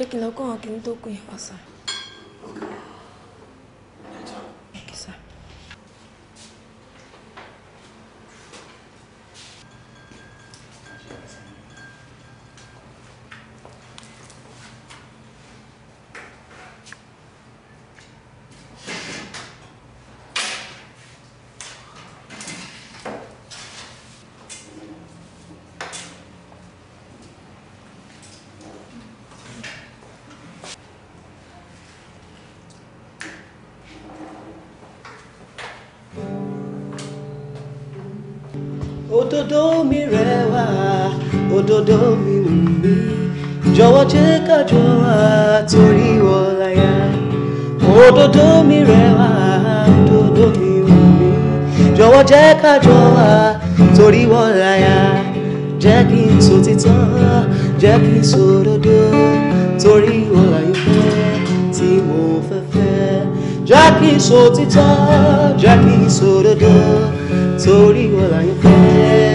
ṣé kí n lọ kó àwọn kìnnìún tó kù yẹn wá sá. òdodo mi wù mí jọ̀wọ́ jẹ́ kájọ àtòrí ọ̀láyà òdodo mi rẹwà òdodo mi wù mí jọ̀wọ́ jẹ́ kájọ àtòrí ọ̀láyà jẹ́ kí n sọ títọ́ jẹ́ kí n sọ òdodo torí ọ̀láyà fẹ́ tí mo fẹ́ fẹ́ jẹ́ kí n so títọ́ jẹ́ kí n sọ òdodo torí ọ̀láyà fẹ́.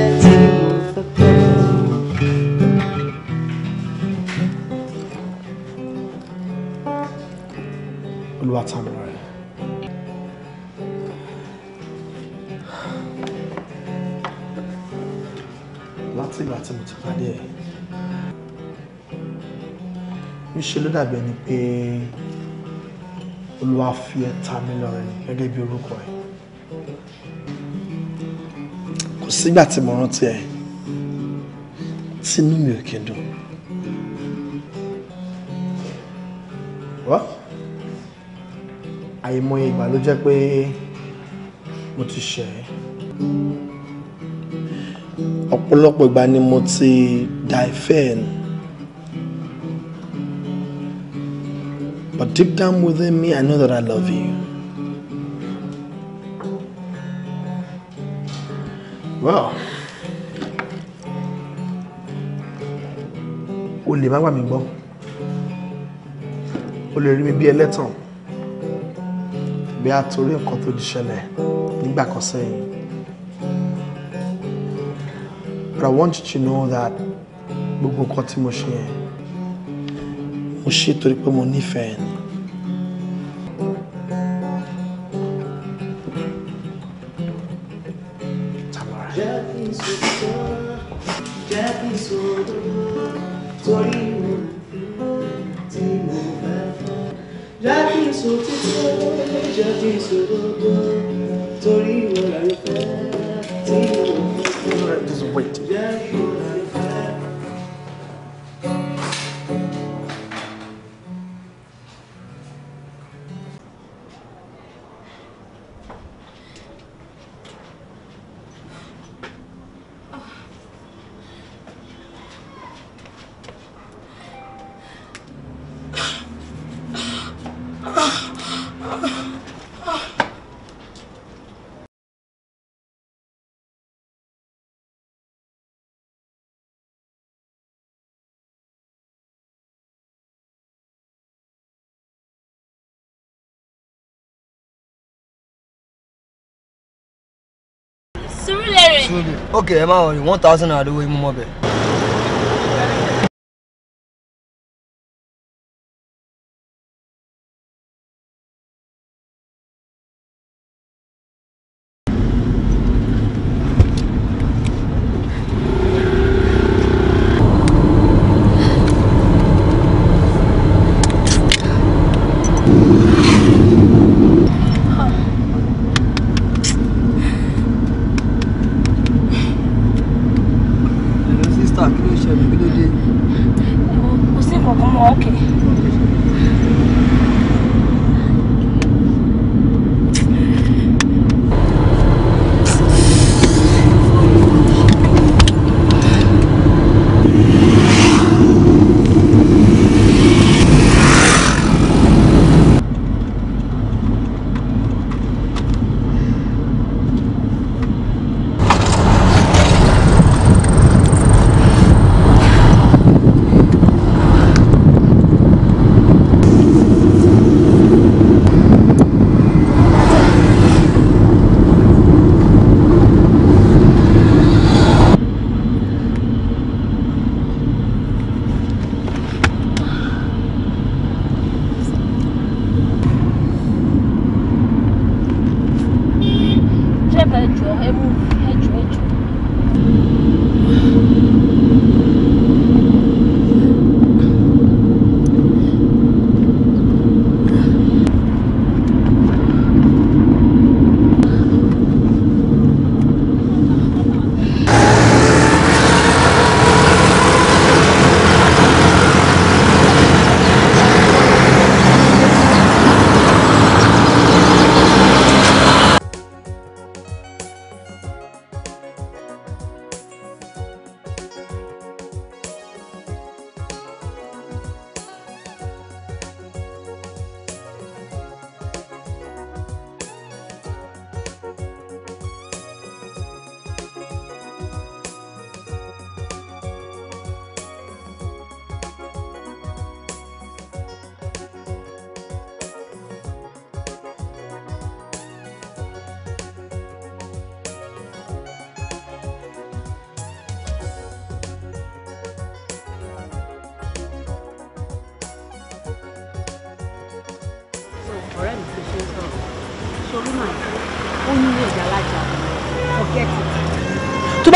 about time, right? Láti ìgbà tí mo ti pàdé ẹ̀, níṣe ló dàbí ẹni pé Olúwa fi ẹ́ ta mí lọ́rẹ ni gẹ́gẹ́ bí orúkọ ẹ̀. Kò sígbà tí mo rántí ẹ̀, tínú What? àìmọye ìgbà ló jẹ́ pé mo ti ṣẹ̀ ẹ́ ọ̀pọ̀lọpọ̀ ìgbà ni mo ti da ìfẹ́ ẹ̀ nù but deep down within me I know that I love you. Well, o lè má gbà mí gbọ́ o lè rí mi bí ẹlẹ́tàn bí a torí nǹkan tó ti ṣẹlẹ̀ nígbà kan sẹ́yìn. But I want you to know that gbogbo nǹkan tí mo ṣe yẹn mo ṣe torí pé mo nífẹ̀ẹ́ ni. ok ẹ má wọrí one thousand naira lówó imú mọ́ bẹ́ẹ̀.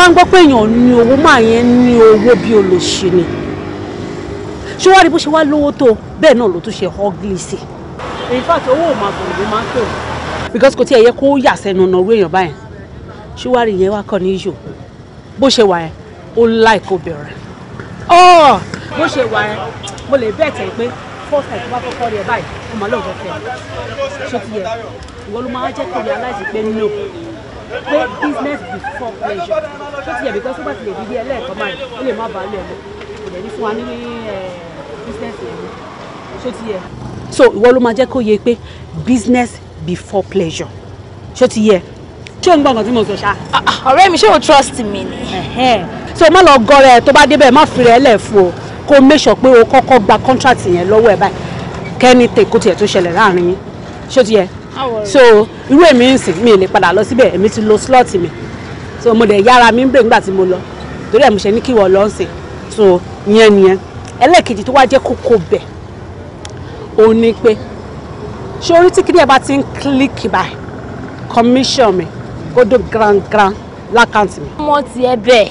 ń gbọ́ pé èèyàn ní owó máa yẹn ní owó bí olóṣì ni ṣé wàá rí bó ṣe wá lówó tó bẹ́ẹ̀ náà ló tún ṣe ọ́gìlì sí. in fact owó ò máa bọ̀ ló máa ń pè wọ́n. because kò tiẹ̀ yẹ kó yà sẹ́nu ọ̀nà orú èèyàn báyẹn ṣé wàá rí yẹn wá kàn ní yò bó ṣe wà yẹn ó láì kó bẹ̀rẹ̀. ọ bó ṣe wà yẹn mo lè bẹ́ẹ̀ tẹ̀ pé first time tó bá kọ́kọ́ rí ẹ báyìí ọmọ máa jẹ́ pé business before pleasure ṣó ti yẹ bí kọ́sọ́gbà ti lè di bí ẹlẹ́ẹ̀kan báyìí ó lè má bàa lẹ̀ mọ́ kò dẹ̀ ní fún wa ní eh, business yẹn mọ́ ṣó ti yẹ. so ìwọ ló máa jẹ́ kó yẹ pé business before pleasure ṣó ti yẹ ṣé o ń gbọ́ nǹkan tí mo sọ ṣá. ọ̀rẹ́ mi ṣé o trust me ni. so má lọ gọrẹ tó bá débẹ̀ má fi rẹ̀ lẹ̀ fún o kó make sure pé o kọ́kọ́ gba contract yẹn lọ́wọ́ ẹ̀ báyìí kẹ́ni tèkó tiẹ̀ tó ṣẹlẹ̀ láàrin yín ṣó ti yẹ so irú èmi ń sìn mi ì lè padà lọ síbẹ̀ èmi ti lo slot mi so mo dẹ̀ yára mi ń bèrè nígbà tí mo lọ torí ẹ̀ mo ṣe ní kí wọ́n lọ sìn so yẹn nìyẹn ẹlẹ́ẹ̀kejì tó wá jẹ́ kókó bẹ̀ òun ni pé ṣé orí tí kíní ẹ̀ bá ti ń click by commission mi ó dó grand grand lákàntì mi. wọ́n ti ẹ bẹ́ẹ̀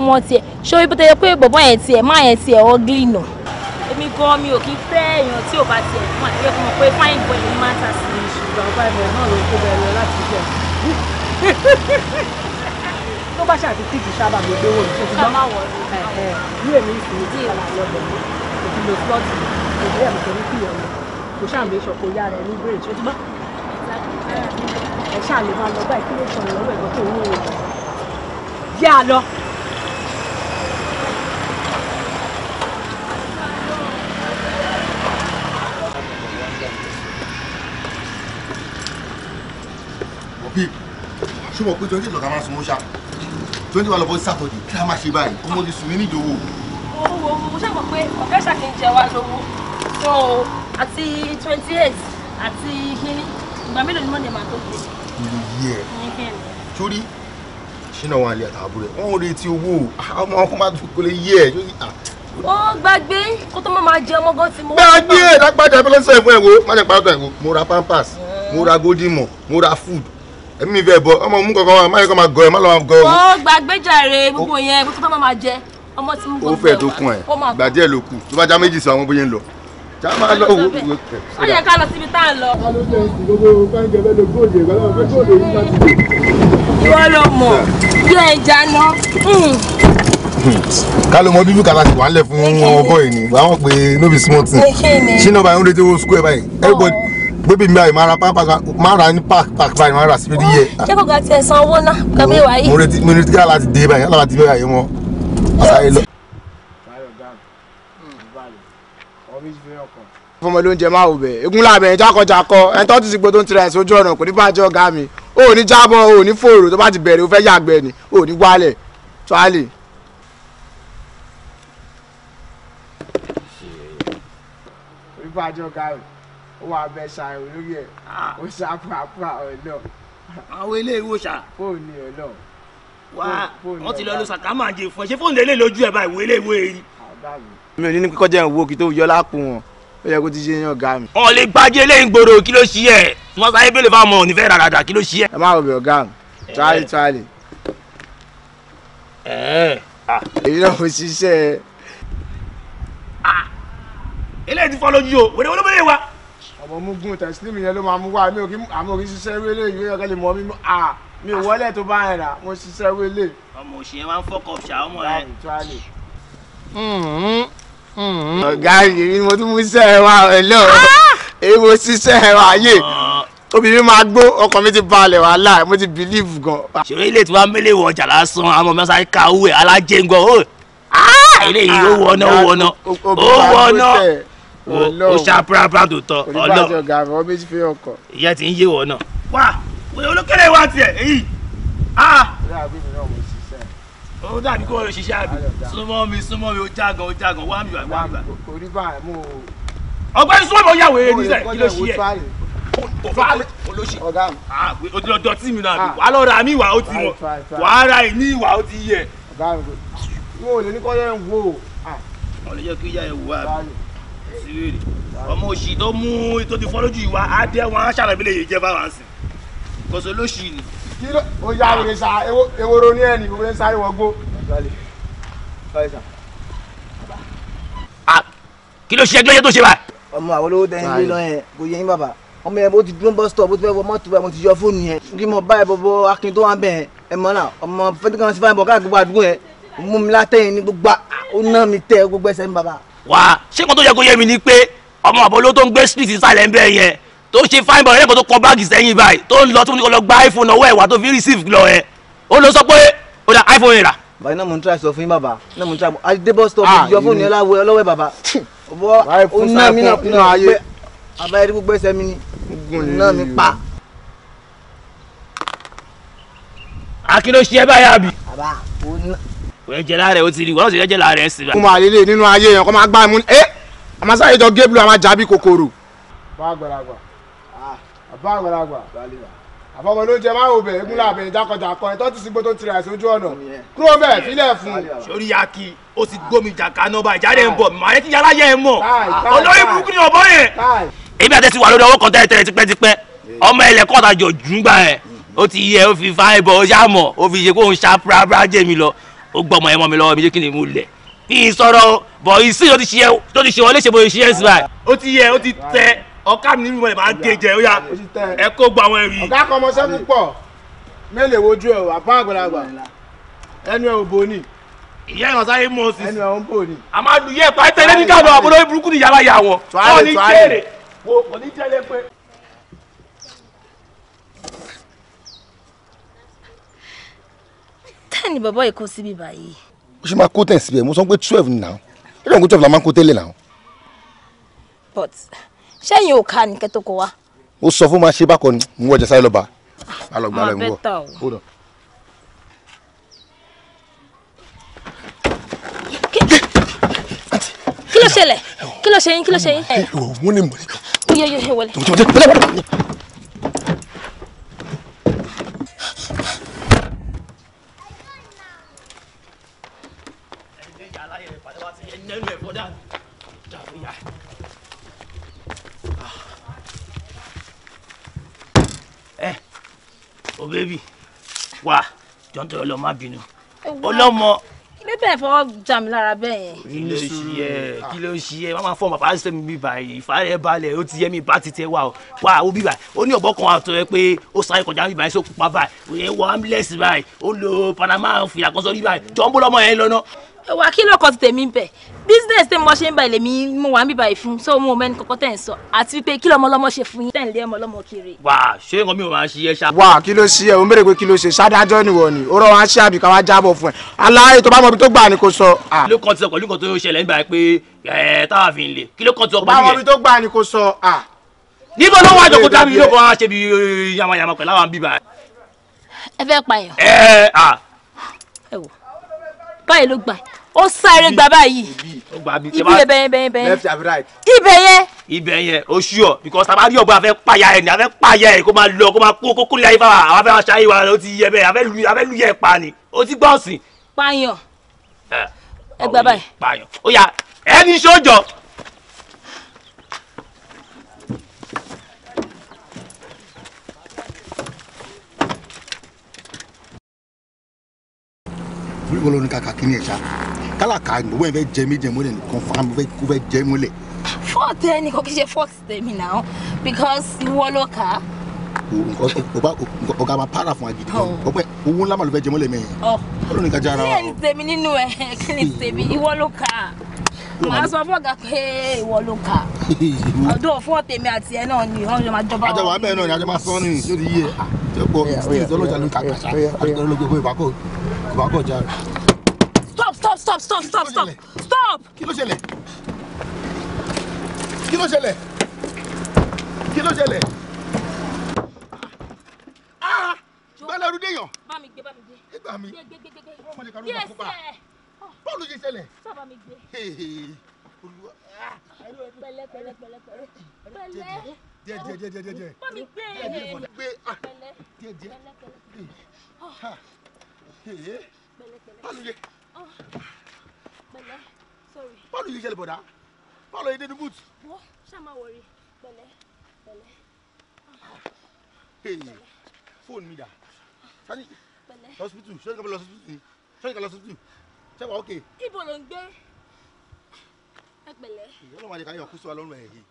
wọ́n hmm. ti ẹ ṣé orí bó ti yẹ pé bọ̀bọ́ yẹn ti ẹ̀ máa yẹn ti ẹ̀ náà èmi gan mi ò kí fẹ́ èèyàn tí ò bá tiẹ̀ fún àti ẹ̀kọ́ mọ̀ pé fine boy ló máa ń ta sí. ṣùgbọ́n fine boy náà ló kó bẹ̀rẹ̀ lọ láti jẹ. tó bá ṣàti tíìkì sábà mi gbé wòlù ṣètìlọ́ ní èmi ìsìn tí ìlànà lọ́dọ̀ mi kò fi lè flọ́ọ̀tì èdè ẹ̀ nítorí kí ìyọ̀ mi kò ṣàǹbẹ̀ ṣọ̀kọ̀ yá rẹ̀ ní bèrè ṣètìlọ́ ẹ̀ ṣàlè máa lọ báyìí kí babe ṣó mọ̀ pé twenty lọ́ka máa sanwó ṣá twenty wà lọ́bọ̀ sátọ̀dẹ̀ kí a máa ṣe báyìí ọmọ ti sùn mí ní ìdòwò. owó mo ṣàmọ̀ pé ọ̀gá ṣàkíyàn jẹ wa lówó so àti twenty eight àti kínní ìgbà mélòó ni mọ́ni máa tó gbé. iye ẹ sórí ṣínà wọn àlè àtàbúrò ẹ wọn ò retí owó ah, ọmọ ọkùnrin máa dùn kó lè yé ẹ sórí ah. ó gbàgbé kó tó máa jẹ ọmọ gan ti mọ. gbàgbé lágbàdà abẹ́lẹ́sẹ̀ fún ẹ̀wò má jẹ́ pàtó ẹ̀wò mo ra pampers mo ra golden mo ra food èmi bẹ́ẹ̀ bọ ọmọ mú kankan wọn máyé kọ́ máa gọ ẹ má lọ́ máa gọ ọ. ó gbàgbéjàre gbogbo yẹn bó tó bá máa jẹ ọmọ tí mo gbọ́ ó fẹ́ tó kún ẹ gbà díẹ̀ ló kù tó bá já méjì sọ àwọn bóyá ń lọ. já máa lọ wò ó yẹ ká lọ síbi tá à ń lọ. ìwọ ló mọ yóò ẹ jáná hmm. ká ló mọ bíbí kàtà sí wàhálẹ̀ fún ọmọ bọ́ọ̀ ni wàá pé no be small thing ṣínà báyìí ń retí owó school ẹ̀ báyìí everybody bébí mi àyè máa ra pápá máa ra ní park park báyìí máa ra síbi díẹ̀. ṣé kò gà tiẹ̀ san owó náà kàmí wà yìí. mo retí mo retí kíláà láti dé báyìí kíláà láti dé báyìí wọn àtàyè lọ. fọmọ ló ń jẹ máa wò bẹ egun lábẹ ẹ jákọjákọ ẹ tọ́ ti sìgbó tó ń tirẹ̀ sójú ọ̀nà kò ní bàjẹ́ ọ̀gá mi o ò ní jábọ̀ o ò ní fòrò tó bá ti bẹ̀rẹ̀ o fẹ́ yàgbẹ́ ni o ò ní wálẹ̀ tó á lè. orí bàjẹ́ ọ̀gá rẹ̀ wà bẹ ṣàrò lórí ẹ ah. ó ṣàpàpà ọlọ. àwọn ilé ìwò ṣá. fóònù ọlọ. wá wọn ti lọ lu sàkámà jẹ fún ẹ ṣé fóònù eléyìí lójú ẹ báyìí wo ilé ìwò èyí. mi ò ní ní kíkọ́ jẹ́ ìwò kí tó yọ lápò wọn ó yẹ kó ti ṣe yan ọ̀gá mi. ọ̀ lè gbájú eléyìí gbòòrò kí ló ṣí ẹ̀ wọ́n sáyé bẹ́ẹ̀ lè fà mọ̀ nífẹ̀ẹ́ rárá kí ló ṣí ẹ̀. ẹ má wọbi ọ̀gá mi tíwáyé tíwáyé. èyí náà mo ṣiṣẹ́. Ah. eléyìí ti fọ́ lójú o wẹ́rẹ́ wọ́n ló bẹ̀rẹ̀ wa ọmọ mugun tẹsílímù yẹn ló máa mú wá mi ò kí àmọ́ òkì ṣiṣẹ́ wélé ìwé ọ̀gá lè mọ mi à mi ò wọlé tó bá yẹn rà mo ṣiṣẹ́ wélé. ọmọ òṣèré máa ń fọkọ ṣá ọmọ rẹ. ọ̀gá yìí mo tún mú iṣẹ́ wa ẹ̀lọ́ ah! èyí mo ṣiṣẹ́ wa yé ah. obìnrin máa gbó ọkàn mi ti balẹ̀ wàhálà mo ti bìlíìfù gan. ṣòro ilé tí wàá mélé wọ ọjà lásán àwọn ọmọ sáré ka owó ẹ alájẹngọ ó oh! ah! eléyìí ó wọná ó wọná ó wọná o ṣá púrápúrá tó tọ ọlọ oníbàjọ gàmí wọn méjì fi ọkọ. ìyá ti ń yé wọ náà. wá olókèrè wa tiẹ̀ èyí. Ah. ó dàbí kó o ṣiṣẹ́ àbí súnmọ́ mi súnmọ́ mi ó jágan ó jágan wá mi wá mi wá. ọgbẹ́ni súnmọ́ mi ó yàwó eré nísẹ̀ kí ló ṣe yẹ olóṣì ọdọ ah, tí mi náà ah. wà lọ ra mi ìwà ó ti mọ wà á ra ìní ìwà ó ti yẹ. ọ̀gá mi kò ní kọ́ yẹn wò ó. ọ̀lẹ́yẹ kí yá ẹ wò wá ọmọ òṣì tó mú tó ti fọ́ ìwà á wọn á ṣàlàyé lè jẹ́ báwọn sìn kòsó lóṣì ni. kí ló o ya wèrè sa eworo ní ẹni wèrè sa ìwọ gbó. Ah, kí ló ṣe ẹjọ́ yẹn tó ṣe báyìí. ọmọ àwọn olówó tẹ ń gbé kò yẹ yín bàbá ọmọ yẹn bó ti dúró bus bó ti fẹ́ wọ mọ́tò báyìí mo ti yọ fóònù yẹn kí mo báyìí bọ́bọ́ akin tó wà bẹ́ẹ̀ ẹ mọ́ náà ọmọ fẹ́ẹ́ tí kan ti fáyìn bọ̀ káàkiri gbogbo àdúgbò yẹn mú mi látẹ̀yìn ní gbogbo ó ná mi tẹ́ gbogbo ẹsẹ̀ mi bàbá wá ṣé kan tó yẹ kó yẹ mi ni pé ọmọ àbọ̀ ló tó ń gbé street ìsàlẹ̀ ń bẹ́ yẹn tó ṣe fine boy lẹ́kọ̀ọ́ tó kọ báàgì sẹ́yìn báyìí tó ń lọ tó ń lọ gba iphone ọwọ́ ẹ̀ wá tó fi receive lọ ẹ̀ ó lọ sọ pé ó dà iphone rà. bàbá iná mo ń try sọ fún yín bàbá iná mo ń try adébọ́ stop ah, yọ fóònù yẹn láwọ ọlọ́wẹ́ bàbá ó ná mi náà pinnu pé àbáyé gbogbo ẹsẹ̀ mi ni ná mi pa. akínó ṣe ẹ báyà bì. bàbá ẹ̀jẹ̀ láàrẹ̀ ó ti rí wọ́n sì ẹ̀jẹ̀ láàrẹ̀ sí. mo máa lélẹ̀ nínú ayé yẹn kó máa gbá imú ẹ́ eh! àmàsáyé jọ gébùlù àmà jàbí kòkòrò. bá àgbàlagbà bá àgbàlagbà àfọwọ́ ló jẹ máa wò bẹ̀ egun làbẹ̀ jákọ̀jákọ̀ ẹ̀ tó ti sígbó tó ti rà sójú ọ̀nà kúrò bẹ̀ fílẹ̀ fún. sori yaki ó ti gómi jàkà náà bá ìjà rẹ̀ ń bọ̀ màá yẹ kí yàrá yẹ ẹ mọ̀ olórí burúkú ni ọ̀bọ yẹn. èmi àti ti wà lórí ọwọ́ kan tẹ́lẹ̀tẹ́lẹ̀ tipẹ́tipẹ́ ọmọ ẹlẹ́kọ̀ọ́ta jọ jùgbà ẹ̀ ó ti yẹ ó fi fáìbọ̀ ó yá mọ̀ ó fi ṣe kóhun ṣá pàápàá jẹ́ mi lọ ó gbọ́ ọmọ yẹn mọ́ mi lọ́wọ́ mi jẹ́ kí ni mo lẹ̀ ní ìsọ̀rọ̀ bọ̀ ìsìn ló ti ṣe ló ti ṣe wọlé ṣe bó ṣe ṣe ṣe. ó ti yẹ ó ti tẹ ọ̀ká mi nínú rẹ̀ máa gé jẹ ó yà ẹ kó gba àwọn ẹ̀rí. ọ̀gá kan ọmọọṣẹ́ púpọ̀ mélòó wojú ẹ̀ wà bá àgbàlagbà ẹnu ẹ̀ ò bo ni. ìyá ìwọ̀n sáré mú oṣù. ẹnu ẹ̀ ò ń bò ni. àmàdù yẹ pàtẹ́lẹ́ ní káàdọ̀ àbúrò burúkú ni yàrá yà wọ̀. tọ́ ten ni bọ̀bọ̀ èkó síbi báyìí. ó ṣe máa kó ten síbẹ̀ mo sọ pé twelve ni now ó dẹ̀ ń kó twelve la máa ń kó tẹ́lẹ̀ now. but ṣẹ́yìn ò ká ní kẹ́tọ́ kó wá. ó sọ fún ma ṣe bákan ni mo wọ́jà sáré lọ́ba alọ́gbàlọ́ ìwọ. kí ló ṣẹlẹ̀ kí ló ṣe yín kí ló ṣe yín. wọ́n ní mọ̀ ní. lẹ́nu ẹ̀fọ́ dànù dànù yá. ẹ o bébì wà jọ́ntọ́ ọlọ́ má bínú ọlọ́mọ. kí ló bẹ̀rẹ̀ fọwọ́ jà mí lára bẹ́ẹ̀ yẹn. kí ló ṣe yẹ kí ló ṣe yẹ máa fọ bàbá sẹ́mi bí báyìí ìfàrẹ́ balẹ̀ ó ti yẹ mi bá ti tẹ wà ó wà ó bí báyìí ó ní ọ̀bọ kan àtọ̀ ẹ pé ó sáré kọjá bí báyìí sókùpá báyìí ó yẹ wọ ambulance báyìí ó panama fìlà kan sórí báyìí jọ́ ń bó lọ́mọ yẹn wà kí lóko ti tèmi bẹ̀ business tèmi wọ́n ṣe ń bá ilé mi mo wà ń bíbá yìí fún so mo mẹ́ni kọ́kọ́ tẹ̀ ń sọ àti pé kí lọ́mọ lọ́mọ ṣe fún yín tẹ̀lé ọmọ lọ́mọ kiri. wà á ṣé nǹkan mi ò máa ṣe yẹ ṣá. wà á kí ló ṣe ẹ òun béèrè pé kí ló ṣe ṣádájọ́ ni wọ̀n ni ó rọ wọn ṣe àbí ká wá jábọ̀ fún ẹ aláàyè tó bá mọ ibi tó gbà ni kò sọ. ló kàn ti sọ pẹ̀lú nǹkan tó ṣẹlẹ̀ eh, ni kò sọ níbo ló wà jòkó dábì yóò ah. ẹ báyìí ló gbà ó sáré gba báyìí ibi yẹn bẹyẹn bẹyẹn bẹyẹn ibẹ̀ yẹn. o sure because taba rí ọgbọ́n afẹ́ paya ẹ̀ ni afẹ́ paya ẹ̀ kó máa lọ kó máa kó kókó lẹ́yìn fáwọn àwọn afẹ́ máa ṣáyé wa ó ti yẹ bẹ́ẹ̀ afẹ́ lu afẹ́ lu yẹ pa ni o ti gbọ́ ọ̀sìn. pààyàn ẹ gbà báyìí. pààyàn ó yà ẹni sójọ torí wọn lọ ní kàkà kíní ẹ̀ ṣá kálàkà gbogbo ẹ̀ fẹ́ jẹ mí jẹ mọ́lẹ̀ nìkan fáwọn kó fẹ́ jẹ mọ́lẹ̀. fault ẹ nìkan kì í ṣe fault tèmi náà because ìwọ o kà o ọ̀gá máa para fún agidi kan oh. ọ̀pẹ owó ńlá màlúù fẹ́ jẹ mọ́lẹ̀ mẹ́yìn ọ̀rọ̀ oh. nìkan jára o kí ni tèmi nínú ẹ kí ni tèmi ìwọ ló kà á màá sọ fún ọ̀gá pé ìwọ ló kà ọdún fún tèmi àti ẹ náà ni o jọ máa jọba. àjọwọ abẹ́rẹ́ náà ni àjọ máa sọ ọ́ nìyí yóò di yíyẹ àjọpọ̀ ìṣèjọ́ lọ́jà ló ń kà kàṣà àjọpọ̀ ìbákò kò bá kọ̀ já. stop stop stop stop stop stop stop. kí ló ṣẹlẹ̀ kí ló ṣẹlẹ̀ kí ló ṣẹlẹ̀ ah! gbẹ́lẹ́ ọdún déyàn. bá mi gbé bá mi gbé. ìgbà mi ọmọ ní karùn-ún ìgbà kópa bọ́ọ̀lù ṣe ṣẹlẹ̀. sábà mi gbé. olúwa. Ah! pẹ̀lẹ́ pẹ̀lẹ́ pẹ̀lẹ́ pẹ̀lẹ́ pẹ̀lẹ́. díẹ̀ díẹ̀ díẹ̀ díẹ̀ díẹ̀. bá mi gbé. Ah! pẹ̀lẹ́ pẹ̀lẹ́ pẹ̀lẹ́. díẹ̀ díẹ̀ pálùyẹ pálùyẹ ṣẹlẹ̀ bọ̀dá sorry. dé ní bùtù. wọ́n ṣàmà wọ̀rí pẹ̀lẹ́ pẹ̀lẹ́. fóònù mi dà sani lọ́sibítù sọ́yìn kan lọ sọ́sibítù ni sọ́yìn kan lọ sọ́sibítù sẹ́wà ókè. ibo ló ń gbé ẹ pẹ̀lẹ́. ìyá ọlọ́wọ́ adé ká yọ kó sọ wa lọ́rùn ẹ̀ yìí.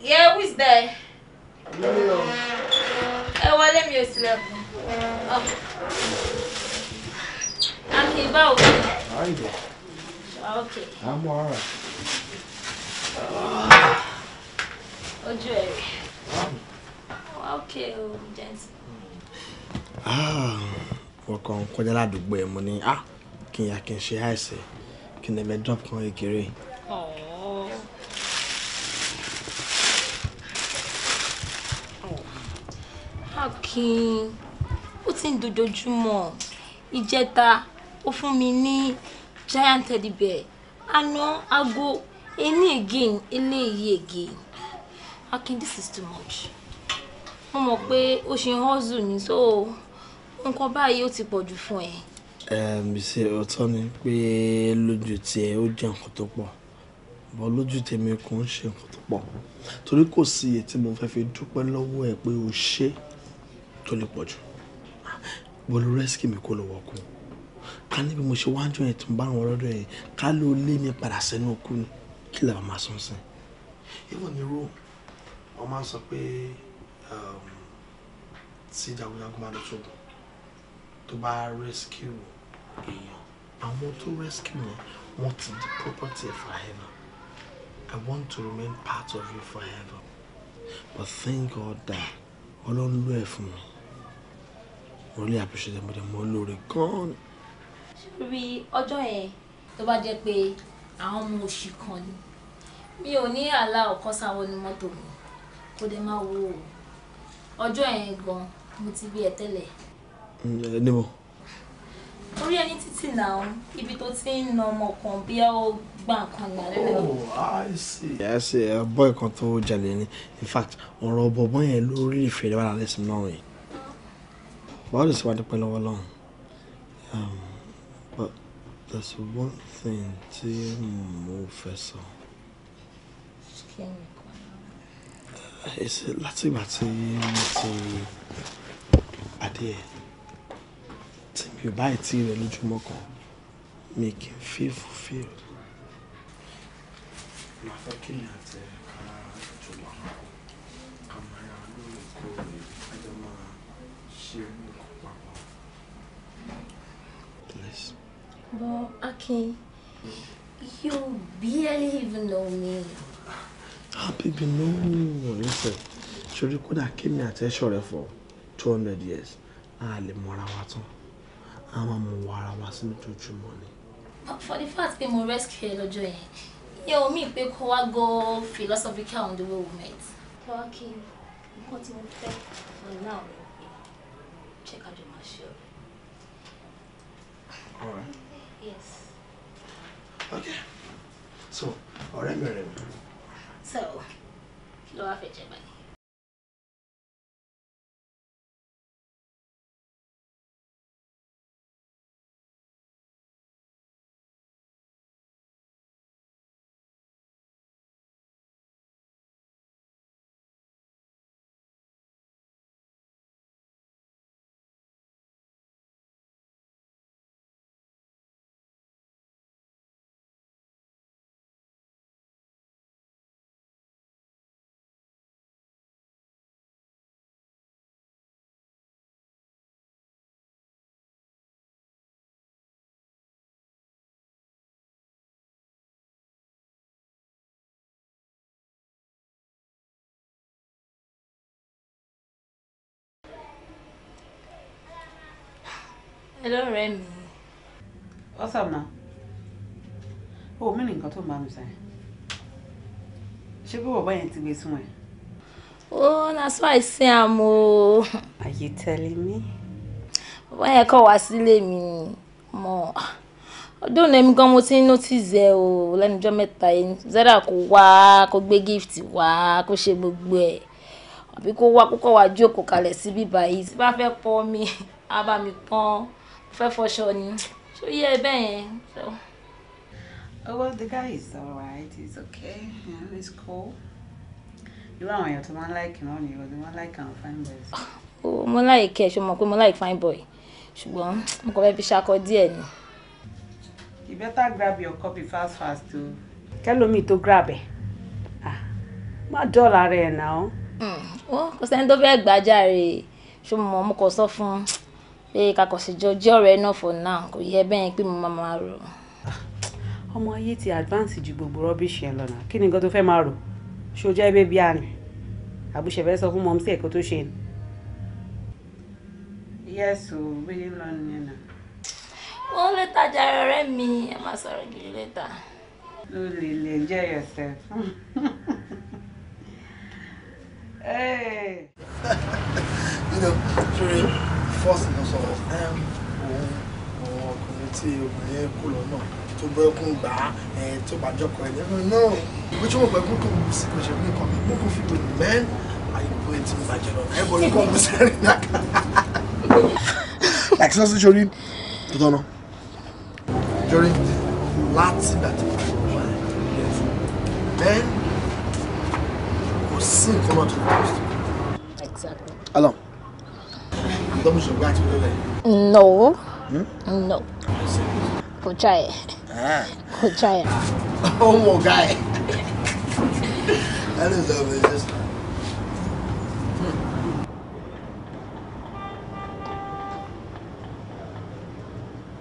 Yeah, who is there? Leo. Ẹ wọlé mi ò sílẹ̀kùn. Akin báwo ni? How you doing? Okay. I'm alright. Ojú ẹ̀ rí. Okay o, gents. Wọ́n ah, kàn kọjá ládùúgbò ẹ̀ mo ní ah, kí n yà kí n ṣe àìsàn kí ni ẹ drop kan kékeré. Akin ó ti ń dojoojúmọ́ ìjẹta ó fún mi ní giant teddy bear àná ago. ení again eléyìí again Akin this is too much mo mọ̀ pé ó ṣe hustle ní so nǹkan báyìí ó ti pọ̀jù fún ẹ ṣe ọ̀tọ̀ ni pé lójú tiẹ̀ ó jẹ́ nǹkan tó pọ̀ bọ́ lójú tèmi kò ń ṣe nǹkan tó pọ̀ torí kò sí iye tí mo fẹ́ fi dúpẹ́ lọ́wọ́ ẹ̀ pé o ṣe tó lè pọ̀ jù bọ́lú rẹ́síkì mi kò lọ wọ̀kú ká níbi mo ṣe wájú ẹ̀ tó ń bá àwọn ọlọ́dọ̀ ẹ̀ ká ló lé mi padà sẹ́nu òkú ni kí làwọn máa sọ sí i. ìwọ ni rome wọn máa ń sọ pé tí jagunjagun máa lọ sógun tó bá rẹ́síkì wò èèyàn àwọn tó rescue yẹn wọ́n ti di property forever I want to remain part of you forever but thank God that ọlọ́run ló ẹ̀ fún mi mo really appreciate them but mo lóore gan-an. ṣùgbọ́n ọjọ́ yẹn tó bá jẹ́ pé àwọn ọmọ òṣì kan ni mi ò ní àlá ọ̀kan sáwọn ní mọ́tò mi kó dé má wo ọjọ́ yẹn gan-an mo ti bí ẹ tẹ́lẹ̀. ẹ ní mo orí ẹni títì náà ibi tó ti ń na ọmọ kan bí ó gbà kan gbà lẹ́lẹ́. oh i see i see ẹ bọ́ ìkan tó jalè ni in fact ọ̀rọ̀ bọ̀bọ́n yẹn ló rí ìfẹ́ ìdáwà lálẹ́ sí náà yìí báwo lè ṣe wá dúpẹ́ lọ́wọ́ lọ́hùn um, but there's one thing tí mo fẹ́ sọ. láti ìgbà tí mo ti adé ẹ̀ tí mi ò bá ìtì rẹ̀ lójúmọ́ kan mi kì í feel fulfilled. màá But Akin, you barely even know me. Ah, baby, no, listen. should Ṣorí kódà kí mi àti ẹ̀ṣọ́ rẹ̀ for two hundred years, a lè mọ̀ra wa tán a máa mú wa ara wa sí lójoojúmọ́ ni. for the fact pé mo rescue ẹ lọ́jọ́ yẹn ìyẹn ò mí pé kó wá go philosophical on the way we met. tọ́wá kí nǹkan tí mo fẹ́ for now ni pé ṣé ká jọ máa ṣe ọ̀rẹ́. alright. yes. okay so ọ̀rẹ́ mi rẹ̀ mi. so kí ló wá fẹ́ jẹ báyìí. Hello, ọ̀rẹ́ What's up now? Oh, meaning mí ní nǹkan tó ń bá mi sàn. Ṣé bí bàbá Oh, that's why I say I'm o. Are you telling me? Bàbá yẹn kọ̀ wá me, mi mọ́. Ọdún náà èmi gan mo ti ń notice ẹ o lẹ́nujọ́ mẹ́ta yẹn. Zara kò wá kó gbé gift wá kó ṣe gbogbo ẹ̀. Àbí kó wá kó kọ̀ wá jókòó kalẹ̀ síbí báyìí. Tí bá fẹ́ pọ́ mi, á bá mi pọ́n fẹ́ fọṣọ ni ṣó yẹ ẹ bẹ́ẹ̀ yẹn. Oh well, the guy is alright. He's okay. You know, he's cool. Irú àwọn èèyàn tó máa ń láìkì náà nìyẹn, òde wọ́n láìkì àwọn fine boys. Oh, o mo láìkì ẹ̀ ṣe mọ̀ pé mo láìkì fine boy ṣùgbọ́n mo kàn fẹ́ fi ṣakọ díẹ̀ ni. You better grab your copy fast fast too. o. Kẹ́lómi tó grab ẹ̀, ah, má dọ́ọ̀là rẹ̀ náà. Ó hmm. oh, kò sẹ́ni tó fẹ́ gbàjáre ṣùgbọ́n mo kàn sọ fún un pé kakọ̀sìjọ jẹ́ ọ̀rẹ́ náà for now kò yẹ bẹ́ẹ̀ pé mo máa máa rò. ọmọ ayé ti advance ju gbogbo rọ́bìṣì ẹ lọ́nà kí ni nǹkan tó fẹ́ máa rò ṣó jẹ́ bébí àná àbúṣe sọ fún mọ́mísí ẹ̀kọ́ tó ṣe yẹ́sù bíi lọ́nà yẹn náà. wọ́n lè tajà ọ̀rẹ́ mi ẹ máa sọ̀rọ̀ gidi lẹ́tà. ló lè lè enjoy yourself. hey. Eh. you know, first mo sọ òun ọkùnrin tí obìnrin kú lọ náà tó bẹ́kún gbà á tó bá jọkọ̀ ẹ̀ nínú náà mo tún mọ̀ pé kókò wù sí pèsè mi kàn mí mo kò fi gbòdì mẹ́rin àyùbó etí mi bàjẹ́ lọ ẹ̀ bọ̀rọ̀ kọ́ mo sẹ́rìn náà. like sọ́sí sori tó tọ́nà sori láti ìgbà tí mo wà bẹ́ẹ̀ kò sí nǹkan náà tó kọ́ sí. Exactly. Alors, domu no hmm? no kò try. ẹ kò já ẹ. ohun that is over.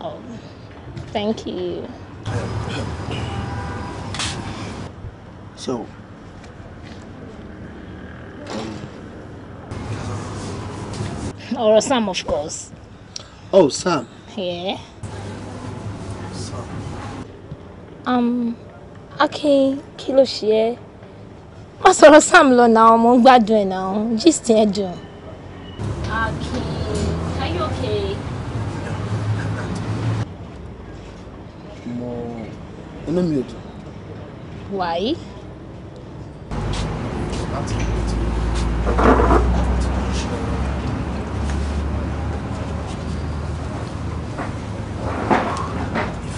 Oh, thank you. So, Or Sam, of course. Oh, Sam. Yeah. Sam. Um, okay, kilo ló ṣe é. Sam lo náà, mo ń gbádùn ẹ̀ náà. Gist yẹn dùn. Akin, are you okay? Mo, inú mi ò dùn. Why? That's it.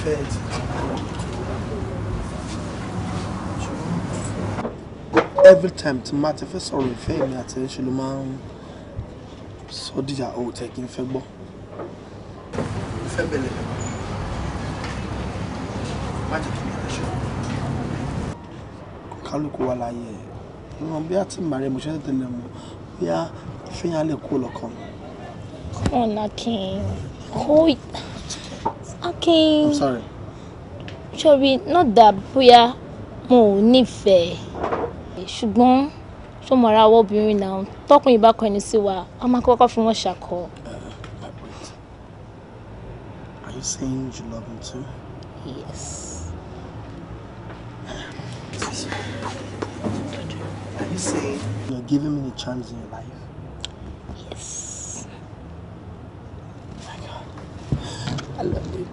perfect. every time to máa ti fẹ́ fail, ìfẹ́ mi àti ẹ̀ṣẹ̀ ló máa ń sọ díjà ó tẹ̀ kí n fẹ́ gbọ́. ìfẹ́ bẹ̀rẹ̀ má jẹ́ kí n yàrá ṣe. kálukú wa láàyè ẹ̀ ìwọ̀n bí a ti màrí ẹ̀ mo ṣe ń tẹ̀lé mọ́ bí a fi hàn lè kú lọ́kàn. come on Akin hold. Akin. I'm sorry. Sorry, not that bóyá mo ò nífẹ̀ẹ́. Ṣùgbọ́n tó mọ ara obìnrin náà tọkùnrin bá kọ ẹni sí wa, a máa kọ́kọ́ fi wọ́n ṣàkọ. Uh, are you saying you love him too? Yes. Are you saying you're giving me the chance in your life? Yes. My God, I love you.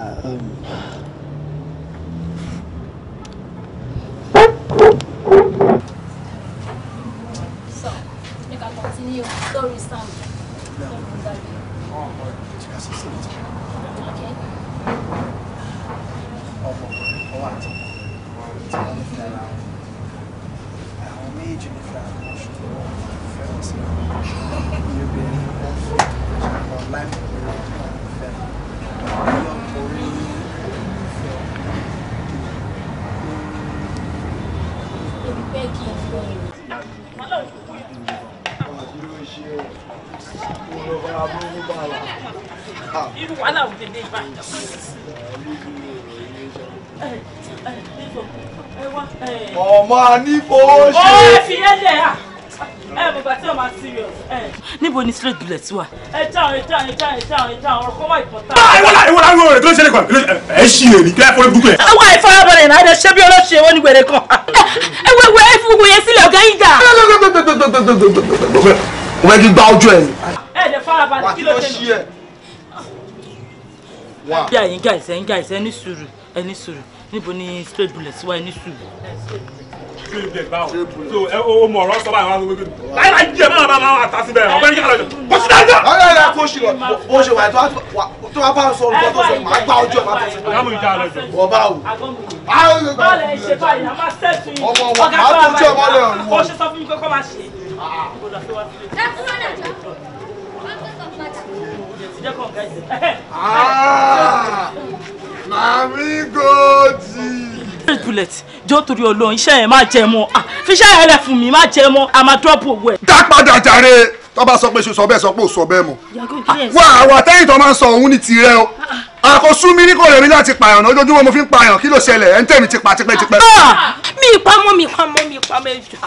Uh, um, máa ní bó ṣe. ó fi yẹn lẹ̀ à ah. ẹ bàbá tí o máa serious. níbo ni straight bullet wà. ẹ dáhùn ẹ dáhùn ẹ dáhùn ẹ dáhùn ẹ dáhùn ọ̀rọ̀ kan wà ìpọ̀tà. báyìí wọ́n láì wọ́n láì wọ́n rẹ̀ kí ló ṣẹlẹ̀ kan ẹ ṣì lè ní kí láì fọ́lẹ́ dúkú ẹ̀. àwọn àìfarabalẹ̀ náà ẹ ṣe bí ọlọ́ṣẹ̀ wọn ní gbẹ̀rẹ̀ kan. ẹ wo ẹ fún wo yẹn sílẹ̀ ọ̀gá yìí dà. mo fẹ́ kí gbá ojú ẹ̀ ni. ẹ lè farabalẹ̀ kí ló ṣe nù. bí àyín guys ẹ̀yin guys ẹni sùúrù ẹni sùúrù níbo ni straight bullet wà ẹni sùúrù hundred báwo mọ ọ̀rọ̀ máa bá máa síbẹ̀ ọ̀gbẹ́ni kí a lọ jẹ kó ọ̀rẹ́ rẹ kó ṣì lọ bó ṣe wà tó bá sọ ọ̀rọ̀ tó sọ máa gbá ọjọ́ máa tẹ̀sí. ọ̀gáàmù ìjà lọ jọ. ọba o. bọ́ọ̀lù ẹ̀ ṣe báyìí a máa ṣẹ́ẹ̀tù ọmọ wa máa tó jẹ́ ọmọ lẹ́yìn ọ̀rọ̀. ó ṣe sọ fún mi pé kó máa ṣe. Mami Goji. Red bullet jọ torí Ọlọ́run iṣẹ́ yẹn má jẹ mọ́ ah, fiṣẹ́ yẹn lẹ fún mi má jẹ mọ́ a máa drop owó ẹ̀. dá padà jàre tó bá sọ pé ṣe sọ bẹ́ẹ̀ sọ pé ò sọ bẹ́ẹ̀ mọ́ ah, wá àwọn àtẹ́yìn tó máa ń sọ òun ní tirẹ̀ o àkóso ah, mi ní kò lè rí láti pààyàn náà ojoojúmọ́ mo fi ń pààyàn kí ló ṣẹlẹ̀ ẹ̀ ń tẹ̀mí ti pa tipẹ́tipẹ́. mi pamọ́ mi pamọ́ mi pamọ́ ẹjọ́.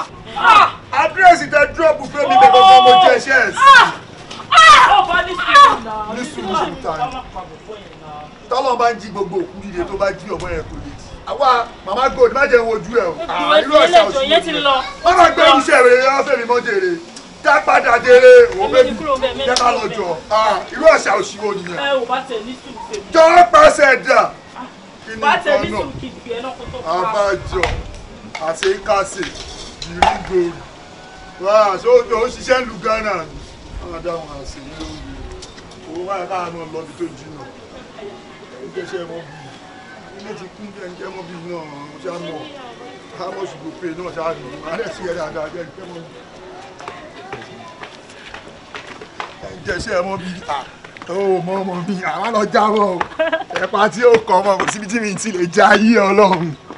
àdírẹ́sì tẹ dúrọ́ọ̀bù fún mi bẹ̀rẹ̀ fún ọmọ jẹ́ ẹṣẹ́ ẹ̀ sí. Oh, tọ́lọ́ bá ń jí gbogbo òkú líle tó bá jí ọmọ yẹn kò lè àwa màmá gold má jẹun ojú ẹ o àìlú ah, ọ̀sà òsì ní ìlú wọn máa gbé irúṣẹ́ rere ránṣẹ́ mi mọ́ jèrè dá padà jèrè òun bẹ́ẹ̀ jẹ́ ká lọ jọ ìlú ah, ọ̀sà òsì wo nìyẹn jọ pàṣẹ dà ah, kí ni ìfọ náà àbájọ àti kásì ìlú gold wá sóòjọ ó ṣiṣẹ́ lu Ghana ni wọn dáhùn àṣẹ yìí lórí òun wáyé káà náà lọ bí tó jìnnà ó gẹ́sẹ̀ mọ́ bí ilé ti kún jẹ́ ǹjẹ́ mọ́ bí náà mo ṣe á mọ̀ how much you go pay náà ṣe á rí màá dẹ̀ sí ẹ̀ dáadáa jẹ́ ǹjẹ́ mọ́ bí. ǹjẹ́ ṣe ẹ mọ́ bí ó mọ́ mọ́ bí àwa lọ jábọ̀ ẹ̀pà tí ó kọ́ mọ́ kò síbi tí mi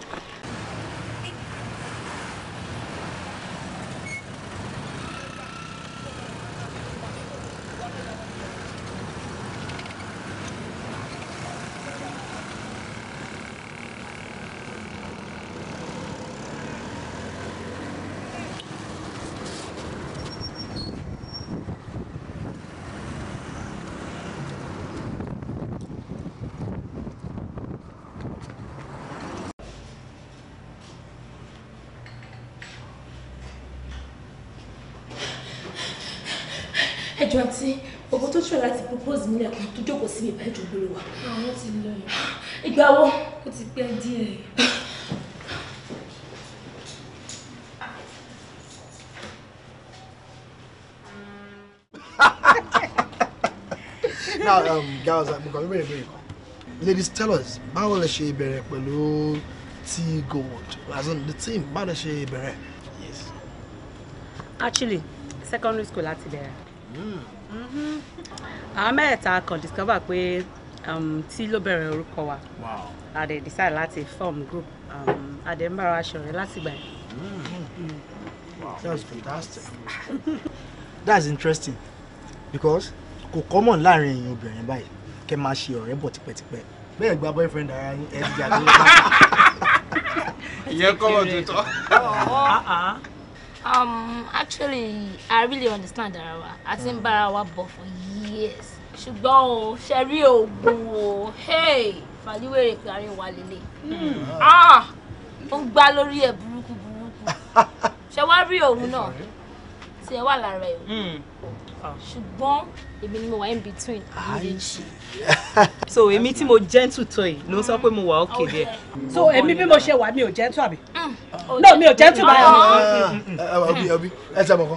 now um, girls mo kàn bẹ̀rẹ̀ bẹ̀rẹ̀ ladies tell us báwo lè she? bẹ̀rẹ̀ pẹ̀lú t gold as in the team How báwo lè ṣe bẹ̀rẹ̀. yes. actually secondary school láti bẹ̀rẹ̀ hmm. mm-hmm. àwọn mẹ́ẹ̀ta kan discover Um, tí ló bẹ̀rẹ̀ orúkọ Wow. And they decide láti form group Um, at ń bára aṣọ̀rẹ́ láti gbà yẹn. Hmm. Mm-hmm. that's fantastic that's interesting because kò common láàrin èèyàn obìnrin báyìí kẹ́ máa ṣe ọ̀rẹ́ bọ̀ tipẹ́tipẹ́ bẹ́ẹ̀ gba boyfriend ara yín ẹ̀ jà ló ìyẹn kọ́mọ̀ tuntun. Um, actually, I really understand ara wa. A ti ń bára wa bọ̀ for years. Ṣùgbọ́n o, ṣe rí oògùn o, hey, fàlíwèrè pé àárín wa lélẹ̀. Hmm. Ah, ó ń gbá lórí ẹ̀ burúkú burúkú. Ṣé wá rí òun náà? Tiẹ̀ wà lára ẹ̀ o. Hmm. Ah. ṣùgbọ́n èmi ni mo wà in between méjèèjì. so èmi tí mo gentle tó yìí ló ń sọ pé mo wà okay there. so èmi bí mo ṣe wà mi ò gentle àbí. Mm. no mi ò gentle báyọ̀. ọbí ọbí ẹ ṣe àmọ̀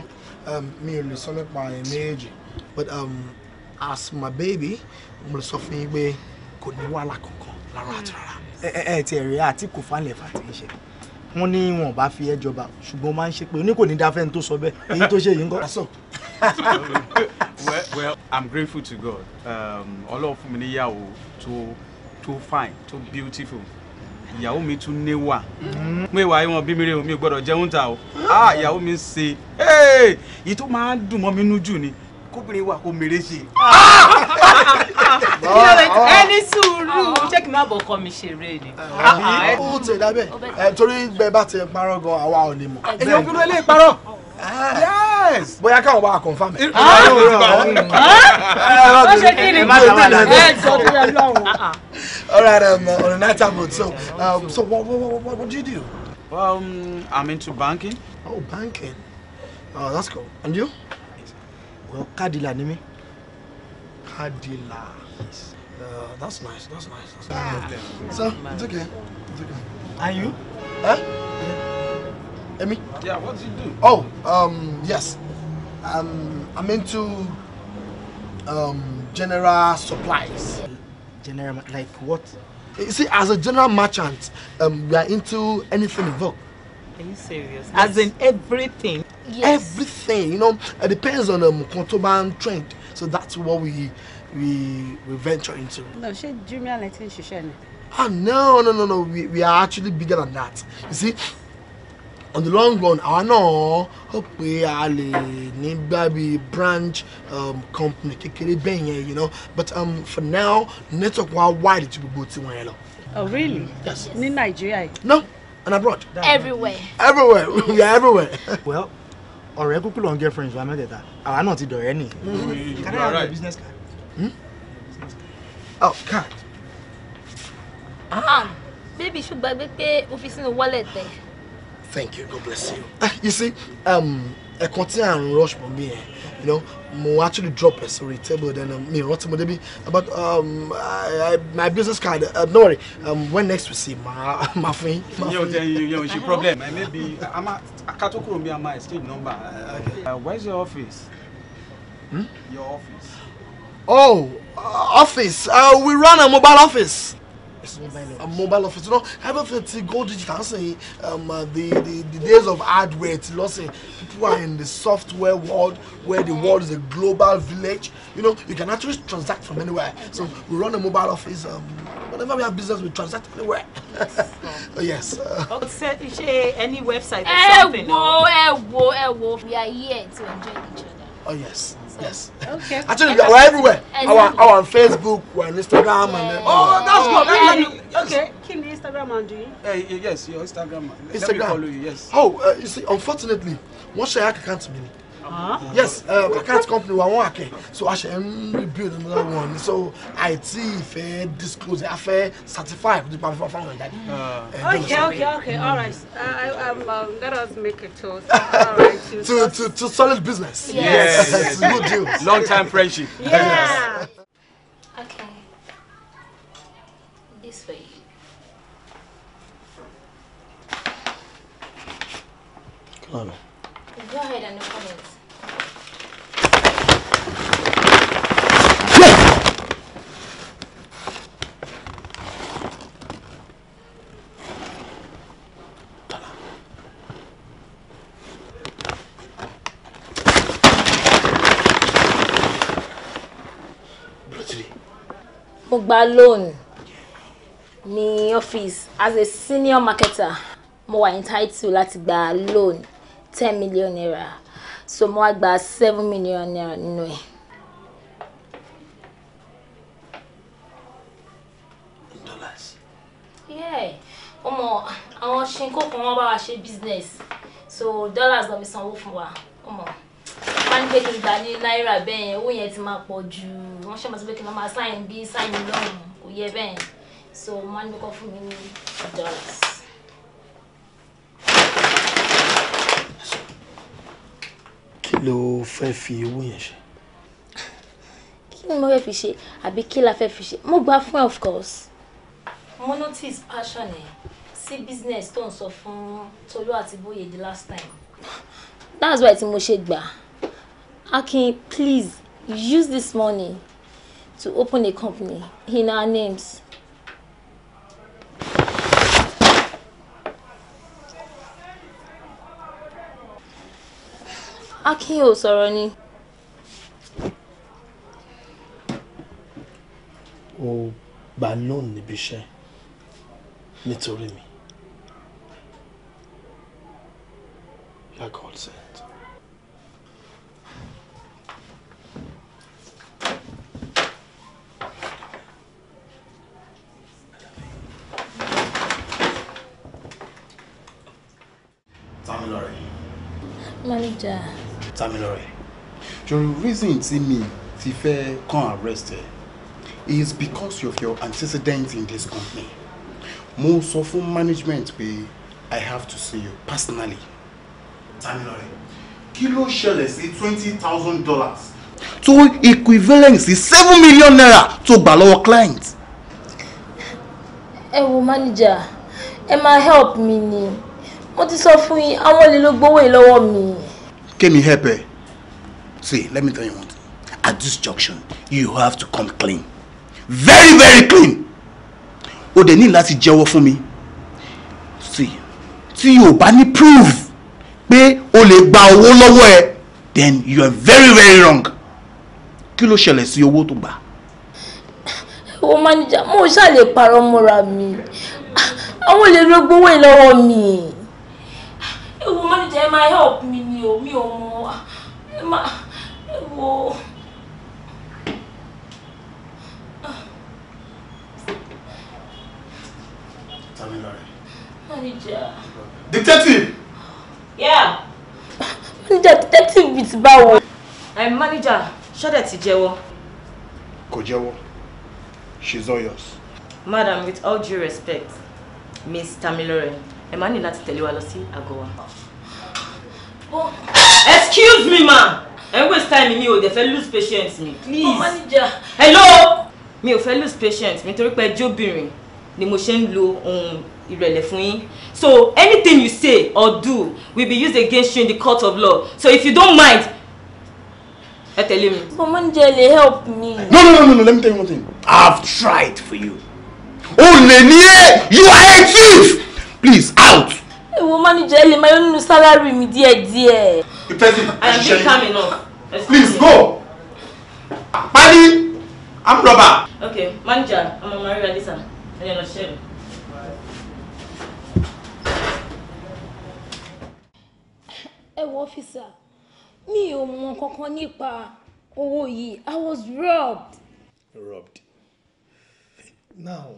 kan mi ò lè sọ nípa ẹ̀ méjì but um, as my baby mo sọ fún yín pé kò ní wàhálà kankan lára àtúrà ẹ ẹ tiẹ̀ rí àti kò falẹ̀ fà tí ń ṣe wọ́n ní wọn bá fi ẹ́ jọba ṣùgbọ́n máa ń ṣe pé oníkò ní dáfẹ́ ní tó sọ bẹ́ẹ̀ èyí tó ṣe yìí ń kọ́. well well i'm grateful to god um, ọlọ́run fún mi níyàwó tó tó fine tó beautiful ìyàwó mi tún níwà mú mm-hmm. ìwà ìwọ̀n bí mi rè mi gbọ́dọ̀ jẹun ta o ah ìyàwó mi ń ṣe èyí tó máa ń dùn mọ́ mi nú jù ni kóbìnrin wà kó mèrè ṣe. ẹni sùúrù ṣé kí n má bọ̀ ọkọ mi ṣeré ni. Ah, ah, ah, ó ti dábẹ́ ẹ̀ torí bẹ́ẹ̀ bá ti parọ́ gan àwa ò lè mọ̀. èèyàn kúrò lè parọ́ yes bóyá káwọn bá confam ẹ. ó ṣe kí ni kí ni ẹ sọ fún ẹ lọ́wọ́. all right um, on a night out so um, so what, what, what, what do you do. well um, i'm into banking. oh banking oh that's cool and you. well car dealer ni mi. car dealer. Yes. Uh, that's nice. That's nice. That's nice. Yeah. So it's okay. It's okay. And you? Huh? Yeah. Amy? Yeah. What do you do? Oh, um, yes. Um, I'm into um general supplies. General, like what? You see, as a general merchant, um, we are into anything vogue. Are you serious? As yes. in everything? Yes. Everything, you know, it depends on um, contraband trend. So that's what we we we venture into. No, she Jumia Latin Shishani. Ah no no no no we, we are actually bigger than that. You see, on the long run, I know. ó pé a lè ní branch um, company kékeré bẹ́ẹ̀ yẹn you know but um, for now network wa wide ju gbogbo tiwọn yẹn lọ. Oh really? Yes. In Nàìjíríà yìí. No, and abroad. Everywhere. Everywhere, we are everywhere. well, already kúkú lọ ń jẹ́ friends wa mẹ́tẹ̀ẹ̀ta, àwa náà ti dọ̀rẹ́ nì. Mm-hmm. Can I have a business card? Hmm? Oh, card. Um, ah, baby, should buy the office in the wallet there. Thank you. God bless you. Ah, you see, um, I continue and rush for me. You know, mo actually drop a sorry table then um, me rot mo debi about um I, I, my business card. Uh, don't worry. Um, when next we see my my friend. Yo, then you, yo, she problem. I may be. I'm a katokuro mi am my street number. Uh, okay. uh, where's your office? Hmm? Your office. Oh, uh, office. Uh, we run a mobile office. Yes. Mobile. A mobile office. You know, everything to go digital. Say, um, uh, the, the the days of hardware. It's lost. People are in the software world, where the world is a global village. You know, you can actually transact from anywhere. So we run a mobile office. Um, whenever we have business, we transact anywhere. yes. Uh, okay, any website or something. Eh? wo, Eh? wo, ẹ wo. We are here to enjoy each other. Oh yes. Yes. Okay. Actually, we are everywhere. Exactly. Our our Facebook, our Instagram, yeah. and uh, oh, that's oh, good. Yeah. Let me, um, yes. Okay. Kim, the Instagram and do you? Uh, yes, your Instagram. Instagram. Let me follow you. Yes. Oh, uh, you see, unfortunately, wọ́n ṣe àkàkà tì yes packet uh, company wa wọn akẹ so a ṣe ń build another one so I àìtí ìfẹ́ disclose a fẹ́ certify kò tó pa fún fáwọn ìjáde. Uh. Eh, okay okay okay all right I, I, um, let us make a toast to to, to solid business. yes, yes. yes. good deal. long time friendship. yeah. yes. okay this way. Claro. Go ahead and open it. mo gba loan ní ọ́fíìsì as a senior marketer mo wà entitled láti gba loan ten million naira so mo wá gba seven million naira nínú ẹ̀. dollars. yeah ọmọ àwọn ṣinkó kan wọn bá wa ṣe business so dollars lọ fi sanwó fún wa ọmọ. Um, máa ń gbé kí n gbà ní náírà bẹ́ẹ̀ owó yẹn ti máa pọ̀ jù wọ́n ṣe máa ti pé kí n máa sáyìn bí sáyìn lọ́rùn kò yẹ bẹ́ẹ̀ so máa ń dúkọ́ fún mi ní dollars. kí ló fẹ́ fi owó yẹn ṣe. kí ni mo fẹ́ fi ṣe àbí kí la fẹ́ fi ṣe mo gbà fún ẹ of course. mo notice passion ẹ sí business tó ń sọ fún Tolú àti Bóyè the last time. that's why tí mo ṣe gbà á Akin, please use this money to open a company in our names. Akin ò sọ̀rọ̀ ni. O gba loan níbi iṣẹ́ nítorí mi. Like God said. jà. Tamilore your reason tí mi ti fẹ́ kan arrest ẹ is because of your antecedents in this company Most of the management be I have to see you personally. Tamilore kilo ló is sí twenty thousand dollars. tó equivalent sí seven million naira to gbà clients. Eh, ẹ wo manager ẹ máa help me ni mo ti sọ fún yín àwọn olè ló gbowó mi. Kemi help her. Eh? See, let me tell you one thing. At this junction, you have to come clean. Very, very clean. O dẹ̀ ní láti jẹ́wọ́ fún mi. See, tí o bá ní proof pé o le gba owó lọ́wọ́ ẹ, then you are very, very wrong. Kí ló ṣẹlẹ̀ sí owó tó gbà? Ó manager, mo ṣàlè parọ́ mọ́ra mi. Àwọn olè ló gbowó ìlọ́wọ́ mi. Ewu manager, ẹ máa help mi ni o mi ò mọ ah, má wo. Ah. Manager. Detective. Yeah. Manager detective bíi ti báwo. manager ṣọ́dẹ̀ ti jẹ́wọ́. Kò jẹ́wọ́. She's all yours. Madam, with all due respect, Miss Tamilore, ẹ máa ní láti tẹ̀lé wa lọ sí àgọ́ wa excuse me ma I waste time mi you. dẹ̀ fẹ́ lose patience me. please manager hello Me, ò fẹ́ lose patience mi torí pé ẹ jóbìnrin ni mo ṣe ń lo so anything you say or do will be used against you in the court of law so if you don't mind I tell mi. but manager help me. no no no no no. let me tell you one thing i've tried for you. o lè you are a thief please out. A woman ẹ lè máa yọ salary, sálárì mi díẹ̀díẹ̀. The person I am being calm enough. Please go. Pali, I'm rubber. Okay, manager, I'm a Maria Lisa. Ẹ̀yẹ̀ lọ not mi. Ẹ officer, me mi ò mọ kankan nípa owó I was robbed. Robbed. Now,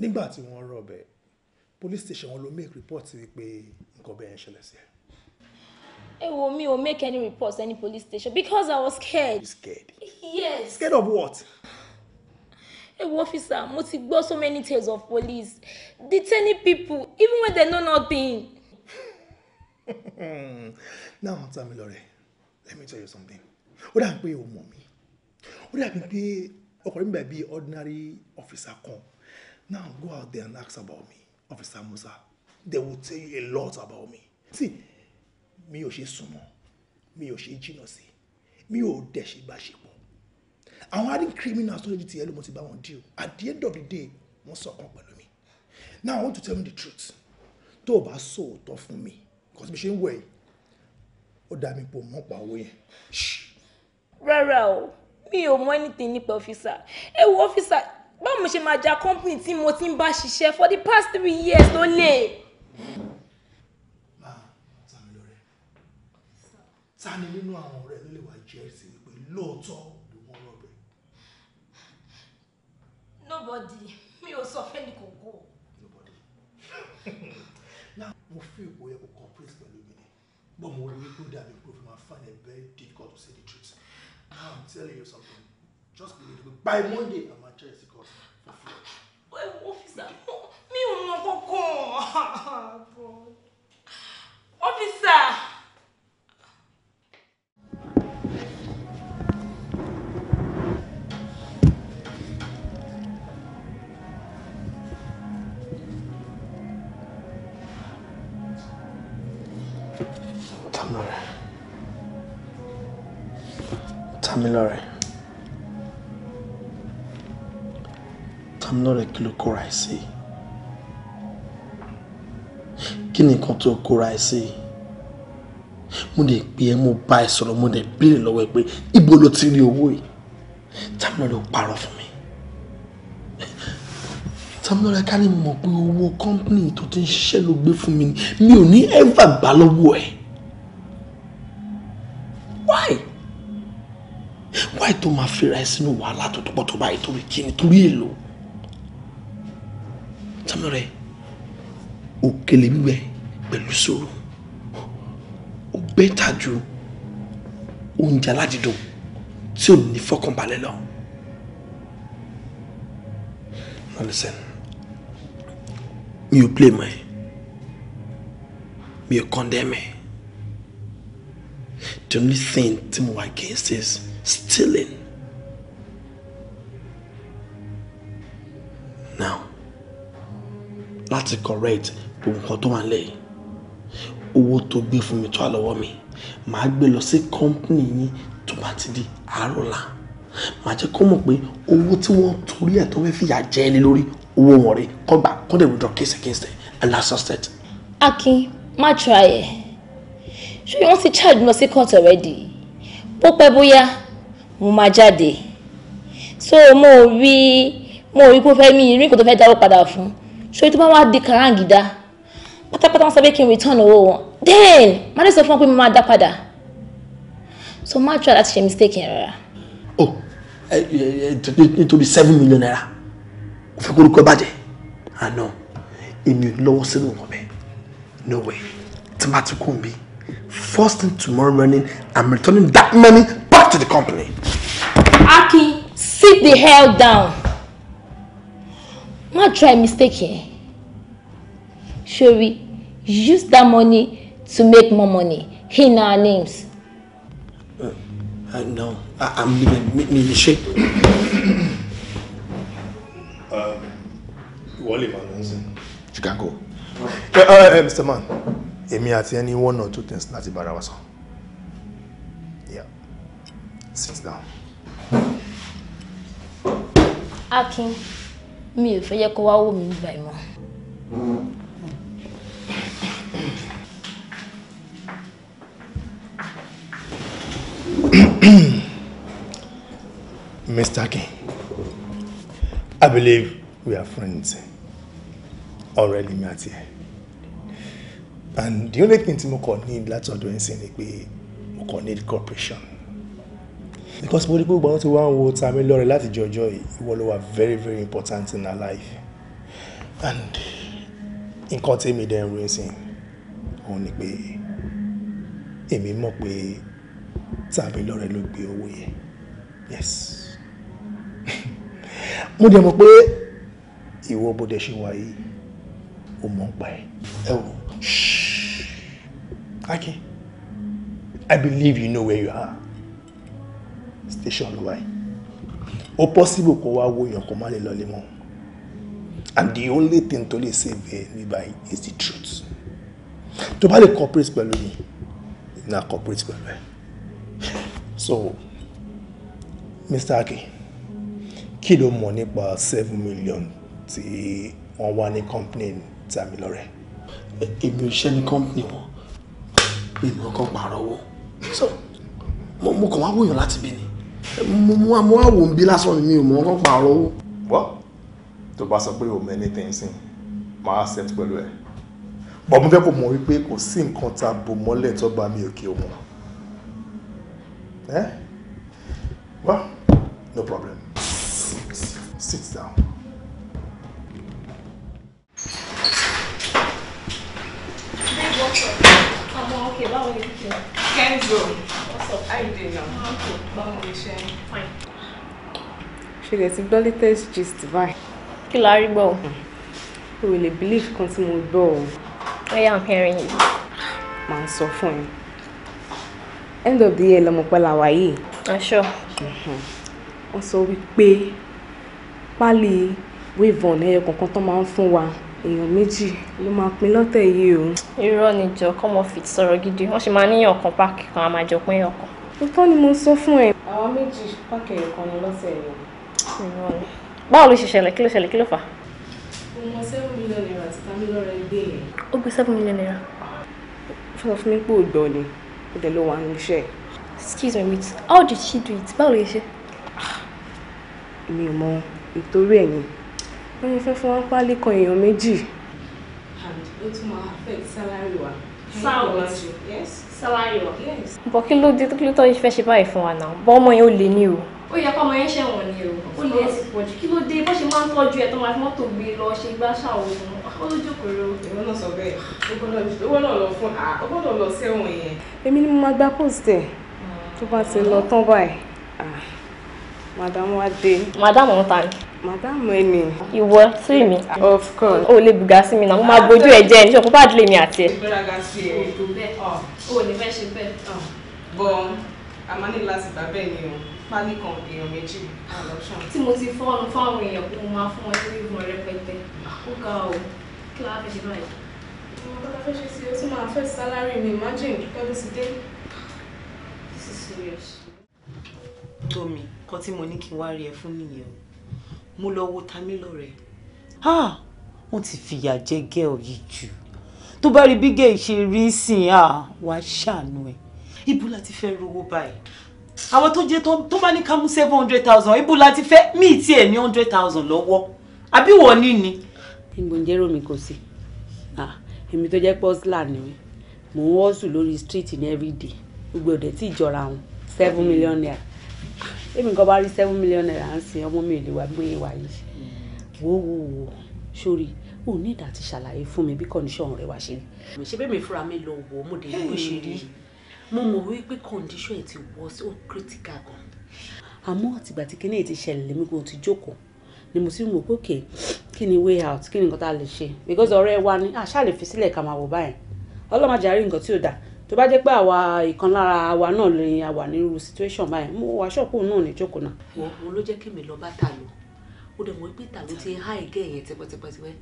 nígbà tí wọ́n rob ẹ̀ police station wọn ló make report wípé nǹkan bẹ́ẹ̀ ṣẹlẹ̀ sí ẹ. ẹ wo mi ò make any report any police station because i was scared. you scared. yes. scared of what. ẹ wo officer mo ti gbọ́ so many tales of police detaining people even when they know nothing. now Tamilore let me tell you something ó dà pé o mọ̀ mi ó dà pé ọkùnrin mi bẹ̀ bí ordinary officer kan now go out there and ask about me Officer Musa, they will tell you a lot about me. See, mi o ṣe sumo, mi o ṣe jìnnà sí, mi ò dẹ̀ ṣe báṣepọ̀. Àwọn adding criminals to lójú ti ẹ mo ti ba wọn deal. At the end of the day, wọ́n ṣọ̀kan pẹ̀lú mi. Now I want to tell you the truth. To o so sòótọ́ fún mi, kò sí bí ṣe ń wẹ̀ yìí, ó dá mi pò mọ́ pa owó yẹn. Rárá o, mi ò mọ anything nípa ọ́fíìsà. Ẹ wo báwo mo ṣe máa ja company tí mo ti ń bá ṣiṣẹ́ for the past three years ló lè. ta nínú àwọn ọ̀rẹ́ ló lè wá jẹ́rìsì wípé lóòótọ́ ló wọ́n rọ̀bẹ̀. nobody mi ò sọ fẹ́ni kòkó. nobody now mo fi ipò yẹ kó complete pẹ̀lú mi ni but mo rí wípé ó dàbí pé o fi find it very difficult to say the truth now i'm telling you something just believe me by monday i'm Officer, me ò mọ kankan Officer, Tamilore. Tamilore. I'm not kí ló kóra ẹ̀ sí kí ni nǹkan tó kóra ẹ̀ sí mo lè pè ẹ́ mo bá ẹ sọ̀rọ̀ mo lè béèrè lọ́wọ́ ẹ pé ibo ló ti rí owó yìí táwọn ọ̀rẹ́ ò parọ́ fún mi táwọn ọ̀rẹ́ ká ní mọ̀ pé owó kọ́ńpìnì tó ti ń ṣiṣẹ́ ló gbé mi mi ò ní ẹ́fà gbà lọ́wọ́ ẹ̀ why why tó máa fira no sínú to tó tó pọ̀ tó báyìí torí kí ni torí èlò fún rẹ òkèlè gbígbẹ pẹ̀lú sòrò ó bẹ́tà ju oúnjẹ aládìdùn tí ò ní fọkànbalẹ̀ lọ. mi ò blame ẹ, mi ò condemn ẹ. The only thing tí mo wà against is stealing. láti correct gbogbo nǹkan tó wà ń lẹ̀ yìí owó tó gbé fún mi tó wà lọ́wọ́ mi màá gbé lọ sí company yín tó bá ti di àárọ̀ la màá jẹ́ kó mọ̀ pé owó tí wọ́n torí ẹ̀ tó fẹ́ fìyà jẹ́ ẹni lórí owó wọn rè kọ́gbà kọ́dẹ̀ withdraw case against ẹ̀ and last suspect. Akin má try ẹ̀ ṣé wọ́n ti charge lọ sí court already bó pẹ́ bóyá mo máa jáde so mo rí mo rí kó fẹ́ mi rí nǹkan tó fẹ́ dáwọ́ padà fún un ṣòyí tó bá wá di kàráǹgídá pátápátá wọn sọ pé kí n return owó wọn then má lè sọ fún wọn pé mo máa dá padà so má try láti ṣe mistake yẹn rárá. Oh, eh, eh, eh, o nítorí seven million naira o fẹ́ kórúkọ bàjẹ́ àná ah, èmi ò lọ́wọ́ sínú wọn bẹ́ẹ̀ no way tí màá tún kún bí first thing tomorrow morning i'm returning that money back to the company. Aki, sit the hell down. Not try mistake yẹn sori use that money to make more money in our names. Uh, uh, no I, i'm leaving mi me ṣe. ìwọ lè máa lọ sí. chicago. Uh, uh, uh, mr man èmi àti any one or two things láti about our sọ. yeah sit down. akin. Okay mi ò fẹ́ yẹ kó wá wò mí gbà ẹ̀ Mr. King, I believe we are friends already, Matty. And the only thing tí need that's what we're sìn ni pé need cooperation because mo rí pé gbogbo àwọn tó wá ń wo Tami Lọ́rẹ̀ láti jọjọ́ ìwọ ló wà very very important in our life and nǹkan tí èmi dẹ̀ ń ròyìn sìn òun ni pé èmi mọ̀ pé Tami Lọ́rẹ̀ ló gbé owó yẹn yes mo dẹ̀ mọ̀ pé ìwọ bóde ṣe wà yìí ó mọ̀ pa ẹ̀ ẹ wò ṣí Akin I believe you know where you are station ló wáyé ó possible kó wá wòyàn kó má lè lọlé mọ́ and the only thing to lè save ẹ nígbà yìí is the truth tó bá lè cooperate pẹ̀lú mi na cooperate pẹ̀lú ẹ so Mr. Aki kí ló mọ̀ nípa seven million tí wọ́n wá ní company Tamilore. èmi ò ṣe ní company wọn èmi ò kàn pààrọ̀ owó so mo kàn wá wòyàn láti bí ni mo mo wá wò ń bí lásán mi ò mọ̀ nǹkan pa ọ̀rọ̀ owó. wọ́ tó bá sọ pé o mọ ẹni tẹ́ǹsìn máa accept pẹ̀lú ẹ̀ bọ́ mo fẹ́ kó mọ̀ wípé kò sí nǹkan tá a bò mọ́lẹ̀ tó gba mi òkè òmò ẹ́ wá no problem sit sit down. Kenzo ṣe lè ti gbọ́ latest gist báyìí. kí la rí gbọ́ o. o lè believe kan tí mo gbọ́ o. oh yeah hearing you. màá sọ fún ẹ end of the year lọmọ pẹ́lá wa yìí. aṣọ. Ah, wọ́n sọ wípé pálí wavon ẹyọ kankan tó máa ń fún wa èèyàn méjì ló máa pín lọ́tẹ̀ yìí o. irọ́ ni jọ kọ́mọ fìtì sọ̀rọ̀ gidi wọ́n sì máa níyàn kan páàkì kan a máa jọ pín ọkàn òótọ́ ni mo sọ fún ẹ. àwọn méjì pàkẹ́ ẹ̀kan ni lọ́sẹ̀ yìí. báwo ló ṣe ṣẹlẹ̀ kí ló ṣẹlẹ̀ kí ló fà á. mo mọ seven million naira ti tami lọ́rẹ̀ gbé yẹn. ó gbé seven million naira. sọ fún mi pé ògbọ́n ni ó dẹ̀ ló wà ní iṣẹ́ ẹ̀. excuse me wait how did she do it báwo ló ṣe. mi ò mọ ìtorí ẹ̀ ni wọ́n ní fẹ́ fún wọn pálí kan èèyàn méjì. and ó tún máa affect salary wa. sáà wọ́n ti yes salary wa. bọ̀ kí ló dé kí ló tọ́ ìfẹ́ ṣe báyìí fún wa náà bọ́ ọmọ yẹn ó lè ní o. ó yẹ kó ọmọ yẹn ṣẹ̀wọ̀n ni o ó lè ẹ̀ sì pọ̀ jù kí ló dé bó ṣe máa ń tọ́jú ẹ̀ tó máa fi mọ́tò gbé lọ ṣe gbá ṣàwòrán ó lójú kòrò. ìwọ náà sọ bẹ́ẹ̀ ó gbọ́dọ̀ lọ fún ó gbọ́dọ̀ lọ sẹ́wọ̀n yẹn. èmi ni mo máa gba post ẹ̀ hmm. tó bá ti lọ tán báyìí wa dé. madam ọ̀hún ta ni. madam ẹ ni. ìwọ sí mi. of course. o lè bùgà sí mi náà mo máa bójú ẹ jẹ ní ṣọkùnfà àdílé mi àti ẹ. ìgbéraga sí ẹ o ní fẹ́ ṣe bẹ́ẹ̀. Ah, bọ́n a máa ní láti gbà bẹ́ẹ̀ ni o pálí kan èèyàn méjì adoption. tí mo ti fọ́ọ̀nù fáwọn èèyàn kó mo máa fún wọn ní ìmọ̀ rẹpẹtẹ ah. ó ga o kí la fẹ́ ṣe báyìí. mo bá fẹ́ ṣe sí o tí màá fẹ́ sálárì mi imagine kẹ́mi ti dé. this is serious. Tómi kan tí mo ní kí n wá rí ẹ fún nìyẹn o mo lọ wo Tamilore. Ah! wọ́n ti fìyà jẹ gẹ́ọ̀ yìí jù tó bá rí bígẹ̀ ṣe rí sìn á wàá ṣàánú ẹ̀. ibo la ti fẹ́ rówó báyìí àwọn tó jẹ́ tó bá ní ká mú seven hundred thousand ibo la ti fẹ́ mí tiẹ̀ ní hundred thousand lọ́wọ́ àbí wọ́n ni. ìgbò ń jẹ́rò mi kò sí èmi tó jẹ́ pọ́sílà ni mò ń wọ́sùn lórí street ní everyday gbogbo ọ̀dẹ̀ tí ìjọra wọn seven million naira èmi nǹkan bá rí seven million naira ń sin ọmọ mi ò lè wá gbé ìwà e yìí wò wò wò sórí ò ní ìdá ti ṣàlàyé fún mi bí condition rẹ wá ṣe rí. mi ṣe bẹ́ẹ̀ mi fúnra mi lọ wò ó mo dé ní bó ṣe rí mo mọ̀ wípé condition ẹ̀ ti wọ́ sí ó critical gan. àmọ́ àtìgbà tí kíní ti ṣẹlẹ̀ lèmi kò ti jókòó ni mo sì mọ̀ pé òkè kí ni way out kí ni nǹkan tá a lè ṣe because ọ̀rẹ́ wa ni àṣà lè fi sílẹ̀ ká máa wò báyìí ọlọ́màjà rí nǹkan tí ò dáa tó bá jẹ́ pé àwa ìkan lára wa náà lè wà nírú situation báyìí mo wà ṣọ́ọ̀kù náà ní jókòó náà. wo ló jẹ́ kí mi lọ bá ta lò ó dẹ̀ mọ̀ pé ta ló ti há ìgé yẹn tipẹ́tipẹ́tipẹ́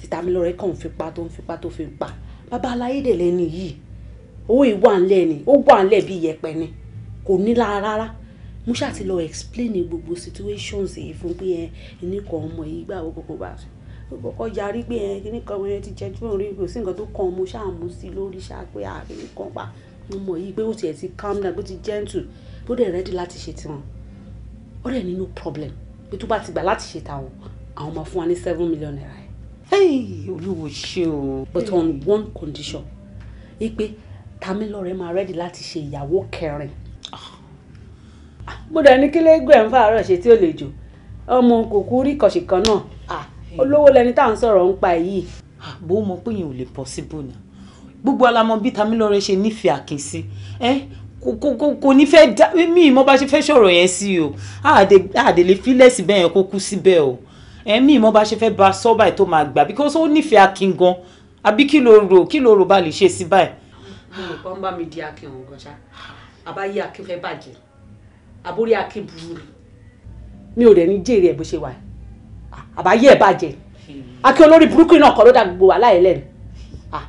títa mi lọ́rẹ́ kàn ń fipá tó ń fipá tó fi ń pa bàbá aláyédè lẹ́ni yìí owó ìwà ńlẹ̀ ni ó wà ńlẹ̀ bí yẹpẹ ni kò ní lára rárá mo ṣáà ti lọ explain gbogbo situations yìí fún pé ẹ nìkan ọmọ yìí gbà wọ́n kókó bá ṣe gbogbo ọjà rí pé ẹ nìkan ọmọ yẹn ti jẹ jùlọ rí kò sí nǹkan tó kàn mo ṣáà sí lórí ṣáà pé àárín pa ọmọ yìí pé ó tiẹ̀ ti calm down pé ó ti gentle bó dẹ̀ ready láti ṣe tiwọn ó dẹ̀ nínú problem pé tó bá ti gbà láti ṣe tàwọn àwọn máa fún wa ní seven million naira olúwo ṣe o but on one condition ẹ pé Tamilọ́rẹ́ máa rẹ́dì láti ṣe ìyàwó kẹrin ah, mo dẹ̀ ní kí lẹ́gbẹ̀ẹ́ ń fàárọ̀ ṣe tí ó lè jò ọmọ kòkú rí kọ̀ṣì kan náà ah, ah, olówó lẹni tá à ń sọ̀rọ̀ ń pa èyí. bó mọ pé yẹn ò lè possible ni gbogbo alamọ bí Tamilọ́rẹ́ ṣe nífẹ̀ẹ́ Akin sí eh, kò ní fẹ́ dá mi ìmọ̀ bá ṣe fẹ́ sọ̀rọ̀ yẹn sí o àdèlè fílẹ̀ sí bẹ́ẹ̀ yẹn kó kú síbẹ̀ o ẹ̀mí ìmọ̀ bá ṣe fẹ́ ba sọ́ báyìí tó máa gbà because ó nífẹ̀ẹ́ akin gan àbí kí ló rò kí ló rò bá lè ṣe sí báyìí. wọ́n bá mi di akin ọ̀hún gan ṣá àbáyé akin fẹ́ bàjẹ́ àbórí akin burú rẹ̀ mi ò rẹ̀ ní jèrè ẹ̀ bó ṣe wà àbáyé ẹ̀ bàjẹ́ akin olórí burúkú náà kọ́ ló dà gbogbo wà láyé lẹ́nu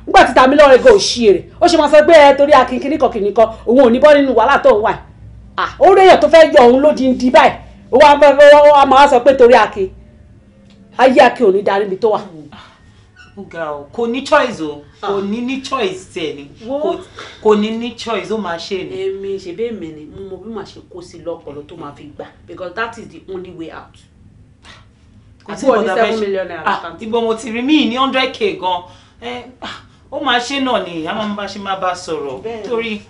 nígbà tí tàmí lọ́rẹ̀ gan òṣì èrè ó ṣe máa sọ pé ẹ torí akin kìnnìkan kìnnìkan òun ò ní bọ́ nínú wàhálà tó ń wà ó rẹ̀ èèyàn tó fẹ́ yọ òun ló báyìí ó wá máa sọ pé torí akin ayé àkè òní darí ibi tó wà. kò ní choice o kò ah. ní ní choice tiẹ̀ ni kò ní ní choice ó máa ṣe ni. èmi ṣèbí èmi ni mo mọ bí màá ṣe kó sí lọ́pọ̀lọ́ tó máa fi gbà because that is the only way out àti ọ̀dà bẹ́ẹ̀ ibo mo ti rí mí ní hundred k gan eh, ah, ó máa ṣe náà ni àwọn bá ṣe máa bá sọ̀rọ̀ torí.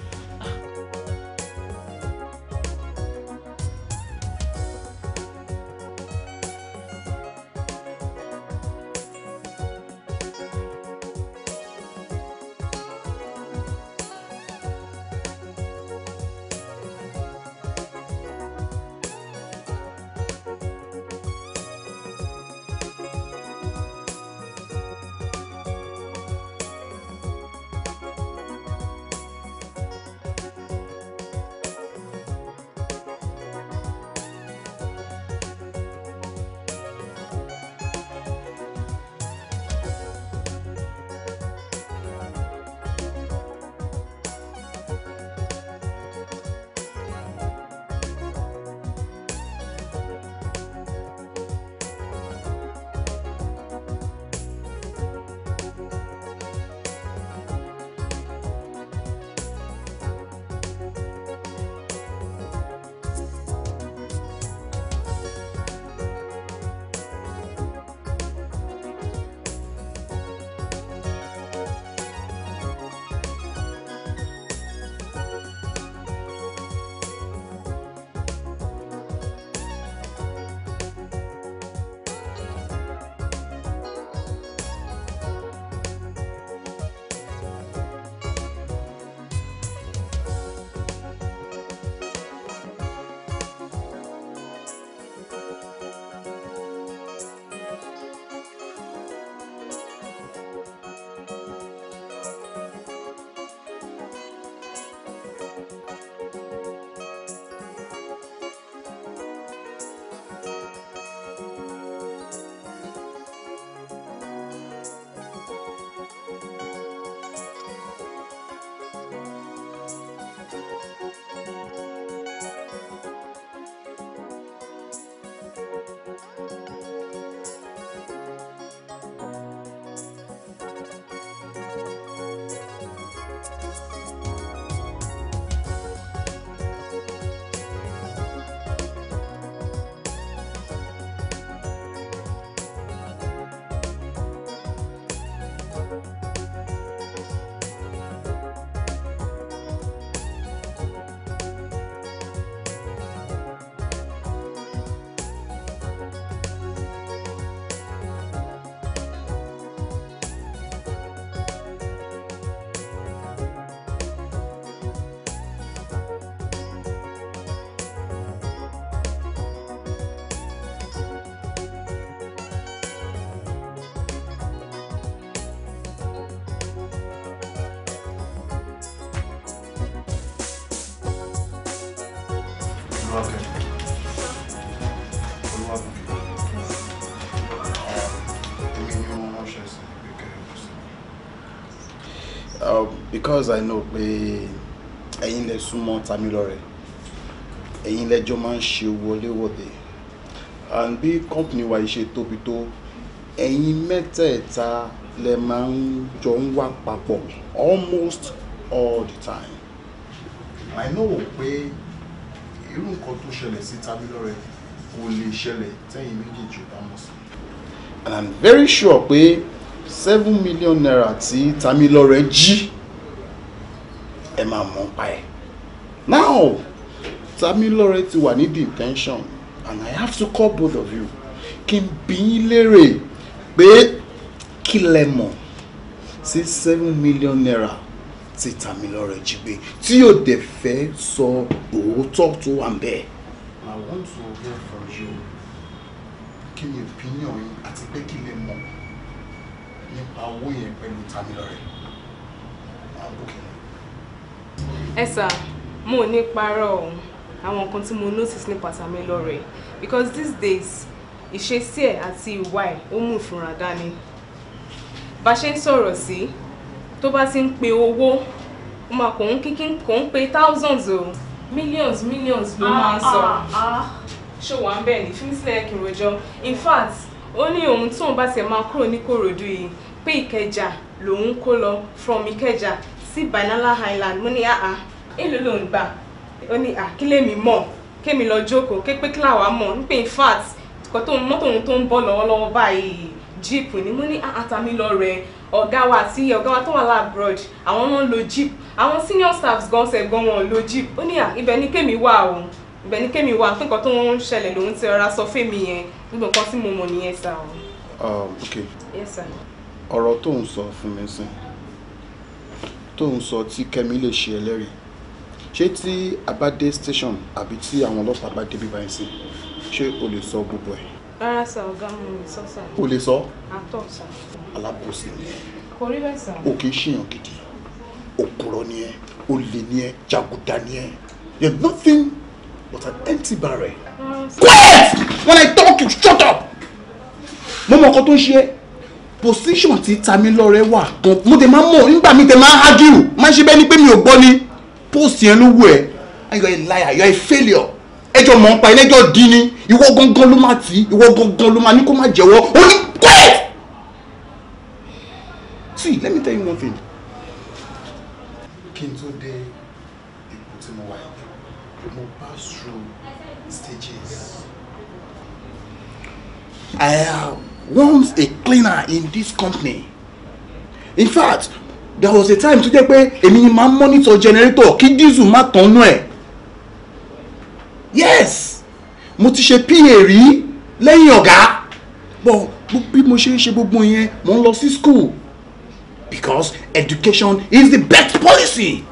because I know pé ẹ̀yin lẹ súnmọ́ Tamilọ́rẹ̀ ẹ̀yin lẹ́jọ́ máa ń ṣe wọléwọ̀de and bí company wa yìí ṣe tóbi tó ẹ̀yin mẹ́tẹ̀ẹ̀ta lẹ máa ń jọ ń wà almost all the time I know pé irú nǹkan to ṣẹlẹ̀ sí Tamilọ́rẹ̀ kò lè ṣẹlẹ̀ tẹ́yin méjèèjì ò bá mọ̀ sí and I'm very sure pé seven million naira tí Tamilọ́rẹ̀ jí ẹ máa mọ̀ ń pa ẹ̀. now Tamilore ti wà ní detention and I have to call both of you kí n bi yín léèrè pé kí lẹ mọ̀ sí seven million naira tí Tamilore jí gbé tí yóò dẹ̀ fẹ́ sọ òótọ́ tó wà ń bẹ́ẹ̀. I want to hear from you kí ni opinion yín àti pé kí lẹ mọ̀ nípa owó yẹn pẹ̀lú Tamilore. I'm ẹ mo ní paro, ọ̀hún àwọn nǹkan tí mo notice nípa Sàmí Lọ́rẹ because these days ìṣesí si àti ìwà ẹ̀ ó mú ìfura dání bá ṣe ń sọ̀rọ̀ sí tó bá ti pe owó ó máa kò ń kíkí kò ń pe thousands o millions millions ló máa ń sọ ah, ah, ah. ṣó wà ń bẹ̀ ní fún sílẹ̀ kí n rojọ́ in fact ó ní òun tóun bá tiẹ̀ máa kúrò ní Kòròdú yìí pé Ìkẹjà lòun kó lọ from Ìkẹjà sí banana island mo ní àá èlò ló ń gbà ó ní àkílẹ̀ ah, mi mọ̀ kémi lọ jókòó képe kíláwà mọ̀ ń pè kò tó mọ́tò ohun tó ń bọ̀ lọ́wọ́lọ́wọ́ báyìí jíìpù ni mo ní àtàmì lọ rẹ ọ̀gá wa sí ọ̀gá wa tó wà láàbùrọ̀d àwọn náà ń lo jíìpù àwọn senior staffs gan ṣe gan wọn lo jíìpù ó ní à ah, ibẹ̀ ni kémi wà o ibẹ̀ ni kémi wà fún tó ń ṣẹlẹ̀ lòun ti rọra sọ fèmí yẹn gbogbo nǹkan tí mo mọ̀ nìyẹn sá o. Um, ok tó ń sọ fún mi sìn tó ń sọ tí Kẹ́mi lè ṣe ẹlẹ́rìí ṣé tí a bá dé station àbí tí àwọn ọlọ́pàá bá débi báyìí sí ṣé o lè sọ gbogbo ẹ̀. rárá sá ọ̀gá mi ò sọ sá. o lè sọ. àtọ̀ sá. alábòsí ni ẹ. kò rí bẹ́ẹ̀ sá. o kì í ṣèyàn gidi òpùrọ̀ ni ẹ olè ni ẹ jàgùdà ni ẹ you're nothing but an empty barrel. quiet when i talk you shut up mo mọ nǹkan tó ń ṣe é position ti Tamilore wà gan mo tẹ máa mọ̀ nígbà mi tẹ máa hájú máa ṣe bẹ́ẹ̀ ni pé mi ò gbọ́ ni post yẹn ló wù ẹ́ and you are a liar you are a failure ẹjọ́ mọ̀ ń pa ẹ̀ ẹjọ́ dín ní ìwọ gangan ló máa tì í ìwọ gangan ló máa ní kó má jẹ́wọ́ ó ní quiet. see let me tell you one thing kí n tó dé ipò tí mo wà yìí mo pass through stages. I have once a cleaner in this company in fact there was a time tó jẹ́ pé èmi ni máa monitor generator kí diesel má tánú ẹ̀ yes mo ti ṣe pa rí lẹ́yìn ọ̀gá but bí mo ṣe ń ṣe gbogbo yẹn mo ń lọ sí school because education is the best policy.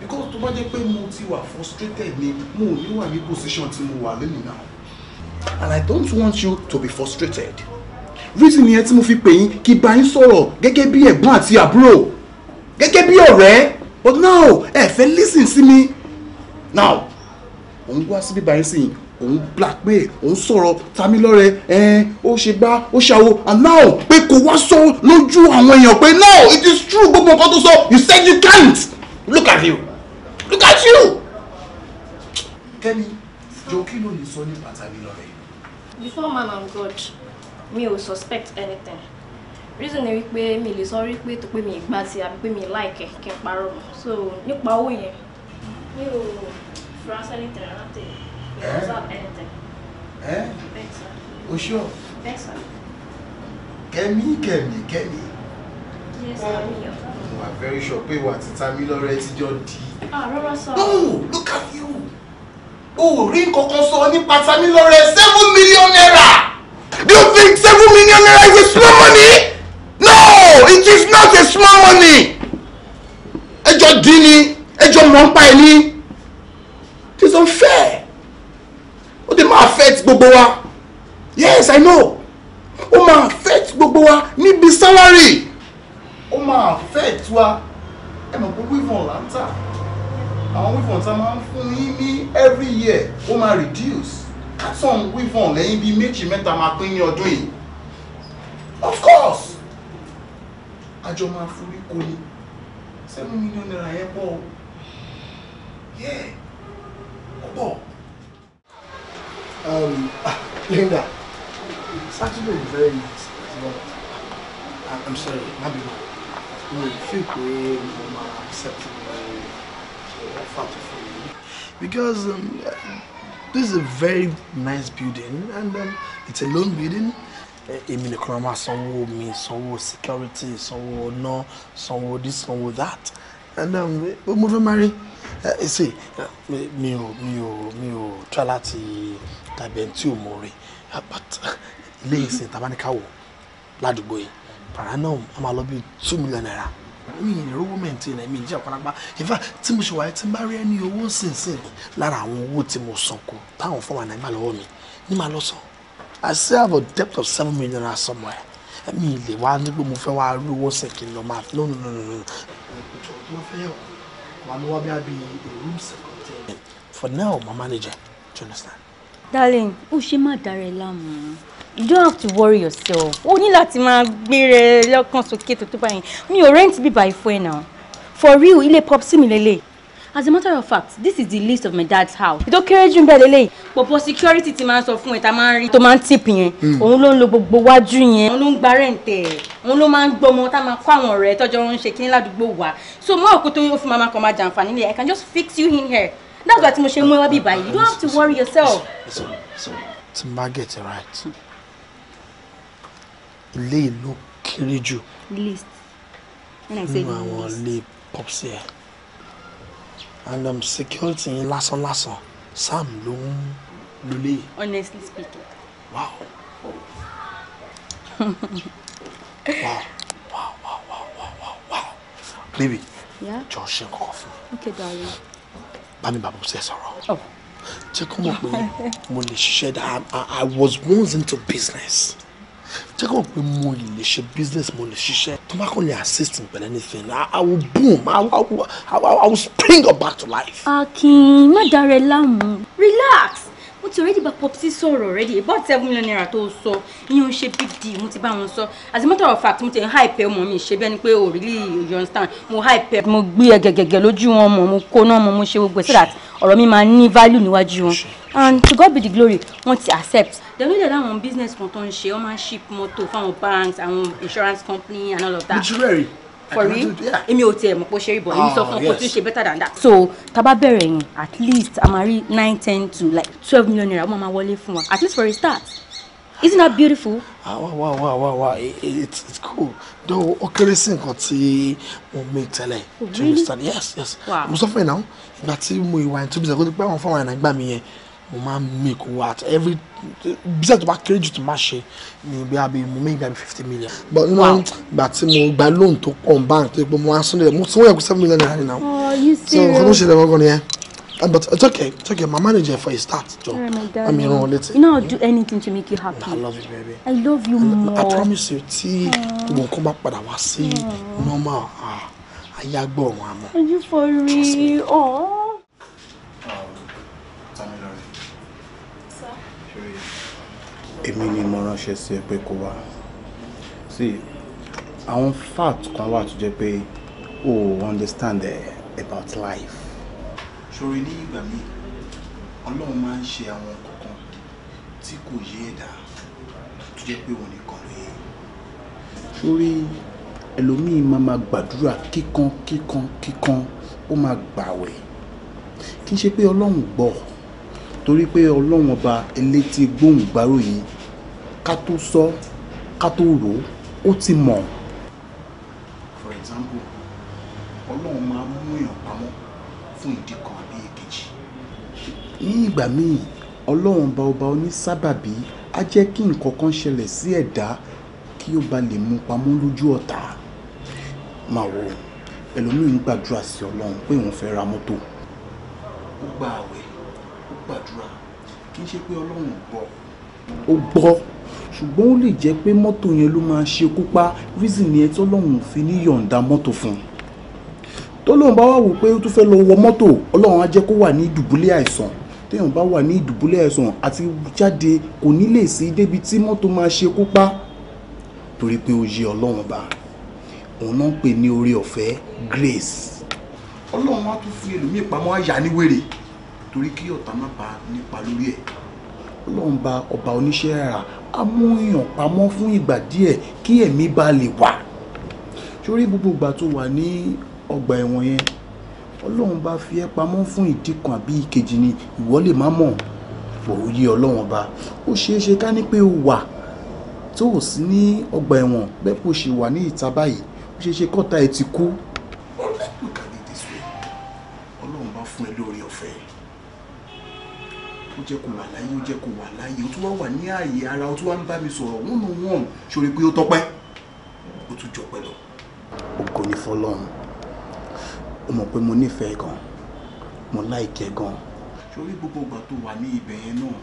because tó bá jẹ́ pé mo ti wà frustrated ni mo ò ní wà ní position tí mo wà lónìí now and I don't want you to be frustrated reason yẹn tí mo fi pè yín kí bá yín sọ̀rọ̀ gẹ́gẹ́ bí ẹ̀gbọ́n àti àbúrò gẹ́gẹ́ bí ọ̀rẹ́ but now ẹ fẹ́ listen sí mi now òun wá síbí báyìí sìn òun blackmail òun sọ̀rọ̀ tamilọ́rẹ ẹ̀ẹ́n ó ṣe gbá ó ṣàwo and now pé kò wá sọ lójú àwọn èèyàn pé no it is true gbogbo nǹkan tó sọ you said you can't look at you look at you. kẹ́mi jọ kí ló lè sọ nípa tamilọ́rẹ. before man and God mi ò suspect anything reason ni wípé mi lè sọ rí pé tó pé mi ìgbà tí àbí pé mi láìkẹ kí n parọ́ mọ́ so nípa owó yẹn mi ò france anything láti mi ò sọ anything. ẹ o ṣọ. bẹ́ẹ̀ sọ. kẹ́mi kẹ́mi kẹ́mi. yes i'm here. you are very sure pé wà títa mi lọ́rẹ́ ti jọ di. ah rárá no look at you o ò rí nǹkan kan sọ nípa Tamilore seven million naira. Do you think seven million naira is a small money? No, it is not a small money. Ẹjọ́ dín ni, ẹjọ́ mọ̀ It is unfair. O dẹ̀ ma affect gbogbo wa. Yes, I know. O ma affect gbogbo wa níbi salary. O ma affect wa. Ẹ mọ̀ pé wíwọ̀n là ń tà. Àwọn wíwọ̀n tá máa ń every year O ma reduce carton wivon lẹ́yìn bíi méjì mẹ́ta máa pín ní ọdún yìí of course àjọ máa forí kò ní seven million naira yẹn pọ̀ o yeah ó pọ̀. Um, ah, Linda Saturday is very nice but I, ah, I'm sorry Nabila mi feel pé mo máa accept my offer to follow you because. Um, this is a very nice building and um, it's a loan building eh, èmi nìkan máa sanwó mi sanwó security sanwó ọ̀nà sanwó this sanwó that and um, eh, mo fẹ́ marry ẹ ṣe mi ò mi ò mi ò try láti tàbí ẹni tí ò mọ̀ rẹ̀ ah, but ilé ìsìn tabaníkàwọ̀ ládùúgbò yìí paranum a máa lọ bí two million naira mi ì rówó maintain ẹ̀ mi ì jẹ́ ọ̀párápá in fact tí mo ṣe wáyé tí n bá rí ẹni owó sínsìn lára àwọn owó tí mo san kù táwọn fún wa náírà lọ́wọ́ mi ní màá lọ sọ I still have a debt of seven million naira somewhere mi ì lè wá ní pé mo fẹ́ wá rí owó sìn kí n lọ máa no no no no. for now my manager do you understand. darling ó ṣe má dára ẹ láàmú you don't have to worry yourself o ní láti máa gbére lọ́kàn sókè tó tó báyìí mi ò rent bíbá by ẹ̀ now. for real ilé popsi mi lélẹ̀ as a matter of fact this is the list of my dad's house tó kéré jù bẹ́ẹ̀ lélẹ̀ pọ̀pọ̀ security ti ma ń sọ fún ẹ ta máa ń rí tó tip yẹn òun ló ń lo gbogbo wájú yẹn òun ló ń gba rent ẹ̀ òun ló máa ń gbọmọ tá máa kó àwọn ọ̀rẹ́ tọ́jọ́ ń ṣe kíní ládùúgbò wa so mọ́ òkú tó yóò fún mama kan máa jàǹfààní lẹ̀ I can just fix you in here that's why tí mo ṣe mú ẹ wá bíbá you don't have to worry yourself. so so tí n right ilé ìlú kéré jù nínú àwọn ilé popsi ẹ̀ and um, security yẹn lásánlásán sam ló ń lulẹ̀. honestly speaking. wow. wow wow wow wow wow wow baby jọ ṣe nǹkan fún mi. okay darling. bá mi bàbá ṣe sọ̀rọ̀. Oh. jẹ́ kó mọ̀ pé mo lè ṣiṣẹ́ that I was once into business jẹ́ kàn pé mo lè ṣe business mo lè ṣiṣẹ́ tó bá kàn lè assist me pẹ̀lú anything I I will boom I will, I will, I will spring up back to life. Akin má dára ẹ láàmú relax mo ti already bá popsi sọ̀rọ̀ already about seven million naira tó sọ ìyẹn ń ṣe big deal mo ti bá wọn sọ as a matter of fact mo ti hype ọmọ mi ṣe bí ẹni pé o really you understand mo hype. mo gbé ẹ gẹ̀gẹ̀gẹ̀ lójú wọn mọ̀ mo kó náà mọ̀ mo ṣe gbogbo ẹ̀ so that ọ̀rọ̀ mi máa ní value níwájú wọn and to God be the glory wọ́n ti accept. dẹ̀lú ìdẹ̀lá àwọn business kan tó ń ṣe wọ́n máa ń ship mọ́tò fáwọn banks àwọn insurance company and all of that. mo ti rẹ́rìí for me, èmi ò tiẹ̀ mọ̀ pé ó ṣe é bọ̀ èmi ah, sọ fún ọkọ tí ṣe better than that. so taba bá bẹ̀rẹ̀ at least a máa rí nine ten to like twelve million naira wọ́n máa wọlé fún wa at least for a start isn't that beautiful. awa wa wa wa wa it's it's cool though ó kéré sí nǹkan tí mo make tẹ́lẹ̀ to oh, understand yes yes mo sọ fún ẹ náà ìgbà tí mo ìwà ẹ̀ tó bí sẹ́kọ́ tó pé àwọn fáwọn ẹ̀ náà gbà mí yẹn mo make what every business tó bá kéré jù tó máa ṣe ni bí a mo make bí a fifty million. but you know ìgbà tí mo gba loan to come n bank tó yẹ pé mo wá sunday mo tún wọ̀ ẹ̀kú seven million naira now. Oh, so nǹkan tó ṣẹlẹ̀ gbọ́ngàn nìyẹn. Ah, but it's okay, it's okay. My manager for a start, John. I mean, no, let's. You know, I'll do anything to make you happy. I love you, baby. I love you more. I promise you, tí wọ́n kò bá padà wá sí normal. Ah, I yag bo Are you for real? Oh. èmi ni mo ránṣẹ́ sí ẹ pé kó wá sí àwọn fact kan wà tó jẹ́ pé o understand about life. sori ní ìgbà mi ọlọ́run máa ń ṣe àwọn kankan tí kò yé ẹ̀dá tó jẹ́ pé òun nìkan ló yẹ. sori ẹlòmíì máa ma gbàdúrà kíkan kíkan kíkan ó máa gbàwẹ̀ kì í ṣe pé ọlọ́run gbọ́ ọ torí pé ọlọ́run ọba elétí gbóhùngbárò yìí ká tó sọ ká tó rò ó ti mọ̀. for example ọlọ́run máa mú èèyàn pamọ́ fún ìdí kan àbí èkejì. ní ìgbà míì ọlọ́run ọba ọba onísábàbí á jẹ́ kí nǹkan kan ṣẹlẹ̀ sí ẹ̀dá kí ó ba lè mú pamọ́ lójú ọ̀tá máa wò ẹlòmíín gbàdúrà sí ọlọ́run pé òun fẹ́ ra mọ́tò. ó gba àwẹ̀ gbàdúrà kì í ṣe pé ọlọ́run gbọ́. ó gbọ́ ṣùgbọ́n ó lè jẹ́ pé mọ́tò yẹn ló máa ṣekú pa reason ni ẹ tọ́lọ́run fi ní yọ̀ǹda mọ́tò fún un tọ́lọ́run bá wà wò pé ó tún fẹ́ lọ wọ mọ́tò ọlọ́run á jẹ́ kó wà ní ìdùbúlẹ̀ àìsàn téèyàn bá wà ní ìdùbúlẹ̀ àìsàn àti jáde kò ní lè sí débi tí mọ́tò máa ṣekú pa torí pé ó yé ọlọ́run bá òun náà pè ní oore ọ̀fẹ́ grace ọlọ́run á tún fi ẹlòmíì pamọ́ àyà níwèrè torí kí ọ̀tá má bàa nípa lórí ẹ̀. ọlọ́run ba ọba oníṣẹ́ ara amóhìyàn pamọ́ fún ìgbà díẹ̀ kí ẹ̀mí ba lè wà. sórí gbogbo ìgbà tó wà ní ọgbà ẹ̀wọ̀n yẹn ọlọ́run bá fi ẹ́ pamọ́ fún ìdí kan àbí ìkejì ni ìwọ lè má mọ̀ òye ọlọ́run ọba ó ṣeé ṣe ká ní pé ó wà tó ò sí ní ọgbà ẹ̀wọ̀n bẹ́ẹ̀ kò ṣe wà ní ìta báyìí ó ṣeé ṣe kọ́ta ẹ̀ ti kú jẹ́ kó wà láyé ó jẹ́ kó wà láyé ó tún wá wà ní ààyè ara ó tún wá ń bá mi sọ̀rọ̀ wọ́n nù wọ́n ṣòro pé ó tọ́pẹ́ ó tún jọpẹ́ lọ. ògo ni fọlọ́run ó mọ̀ pé mo nífẹ̀ẹ́ gan mo láìkẹ́ gan. sórí gbogbo ìgbà tó wà ní ibẹ̀ yẹn náà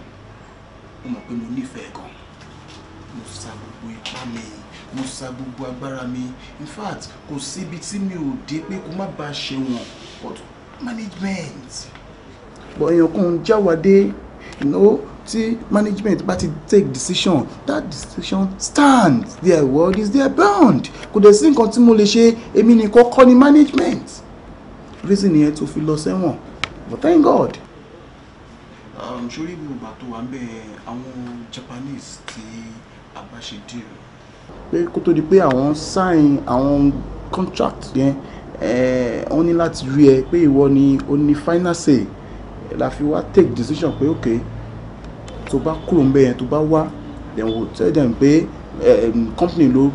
ó mọ̀ pé mo nífẹ̀ẹ́ gan mo sa gbogbo ipá mi mo sa gbogbo agbára mi in fact kò síbi tí mi ò dé pé kó má bàa ṣe wọn but management. bọ̀ èèyàn kan jáwádé ìnáwó tí management bá ti take decision that decision stands their word is their bond kò dẹ̀ sí nǹkan tí mo lè ṣe èmi nìkan kọ́ ni management reason yẹn tó fi lọ sẹ́wọ̀n but thank God. Um, sori gbogbo àtò wà bẹ àwọn Japanese tí a bá deal. pé kó tó di pé àwọn sign àwọn contract yẹn eh, wọ́n ní láti rí ẹ pé ìwọ ni o ní final say la fi wá take decision pé ok tó bá kúrò ń bẹ yẹn tó bá wá then we tell them pé um, company ló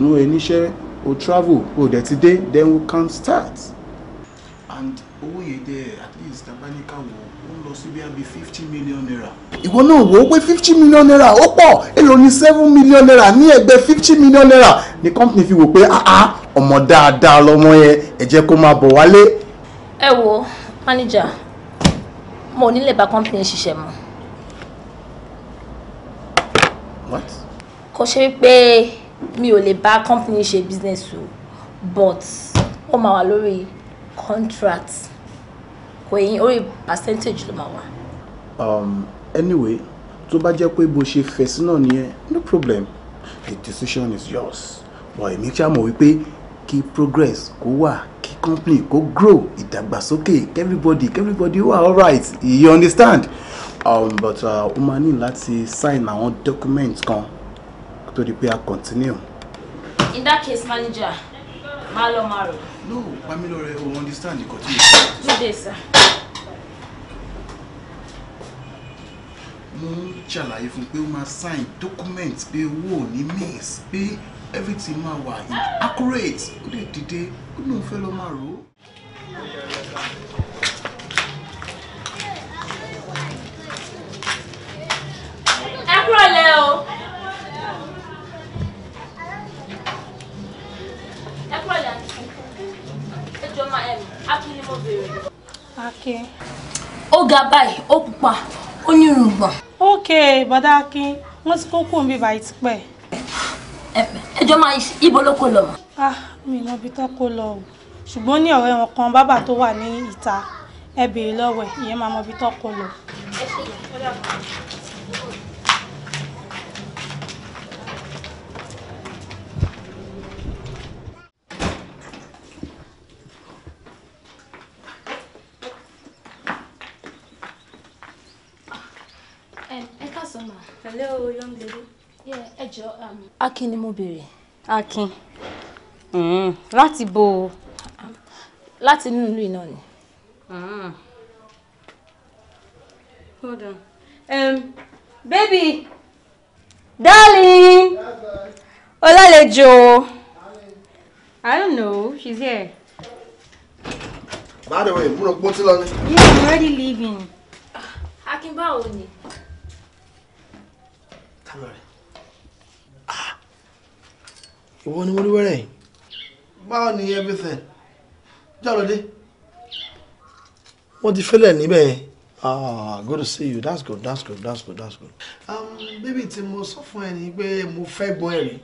ló níṣẹ́ o travel o dẹ̀ ti dé then we can start. and owó yẹn dẹ at least tabanika wo ó lọ sí bí abi fifty million naira. ìwọ náà wò ó pé fifty million naira ó pọ̀ èlò ní seven million naira ní ẹgbẹ́ fifty million naira ni company fi wò pé ah ah ọmọ dáadáa lọmọ yẹn ẹ jẹ́ kó máa bọ̀ wálé. ẹ wo manager mo ò ní lè bá company ṣiṣẹ́ mọ́. what. kò ṣe wípé mi ò lè bá company ṣe business o but ó máa wà lórí contract kò yín orí percentage ló máa wà. Um, anyway tó bá jẹ́ pé bó ṣe fẹ̀sí náà nìyẹn no problem the decision is yours but èmi ṣá mọ̀ wípé kí progress kó wà company go grow ìdàgbàsókè everybody everybody wà alright you understand um, but o uh, máa ní láti sign àwọn document kan tó di pé a continue. in that case manager máa lọ máa rò. no Pamilore o understand nǹkan tí mo sọ. two days sir. mo ń ṣàlàyé fún pé ó máa sign document pé owó ò ní miss pé everything máa wà accurate ó lè dìde ó lóun fẹ́ lọ́ọ́ máa rò ó. ẹ kúrò lẹ o ẹ kúrò lẹ ẹ jọ máa ẹ akin ni mo béèrè. akin. ó ga báyìí ó pupa ó ní irùngbọ̀n. ok bàdá akin wọ́n ti kókó mi báyìí tipẹ́ ẹjọ́ máa ibo ló kó lọ ah mi ò mọbi tán kó lọ o ṣùgbọ́n ní ọ̀rẹ́ wọn kan bábà tó wà ní ìta ẹ béèrè lọ́wọ́ ẹ̀ ìyẹn máa mọbi tán kó lọ. Hello, young lady ẹ jọ um, akin ni mo béèrè. akin mm-hmm. láti bo láti inú ìlú iná ni. Mm-hmm. hold on um, baby darling Olalejo. i don't know she's here. By the way, mo rò pé ó lọ ni. Yeah, I'm already leaving. Akin báwo ni? Tamale ìwọ ni mo rí wẹ́rẹ́ yìí. báwo ni everything jọ́lọ́dé. wọ́n ti fẹ́lẹ̀ níbẹ̀ Ah, good to see you. That's good. That's good. That's good. That's good. Um, baby, tí mo sọ fún ẹ ni pé mo fẹ́ gbọ́ ẹ̀rí.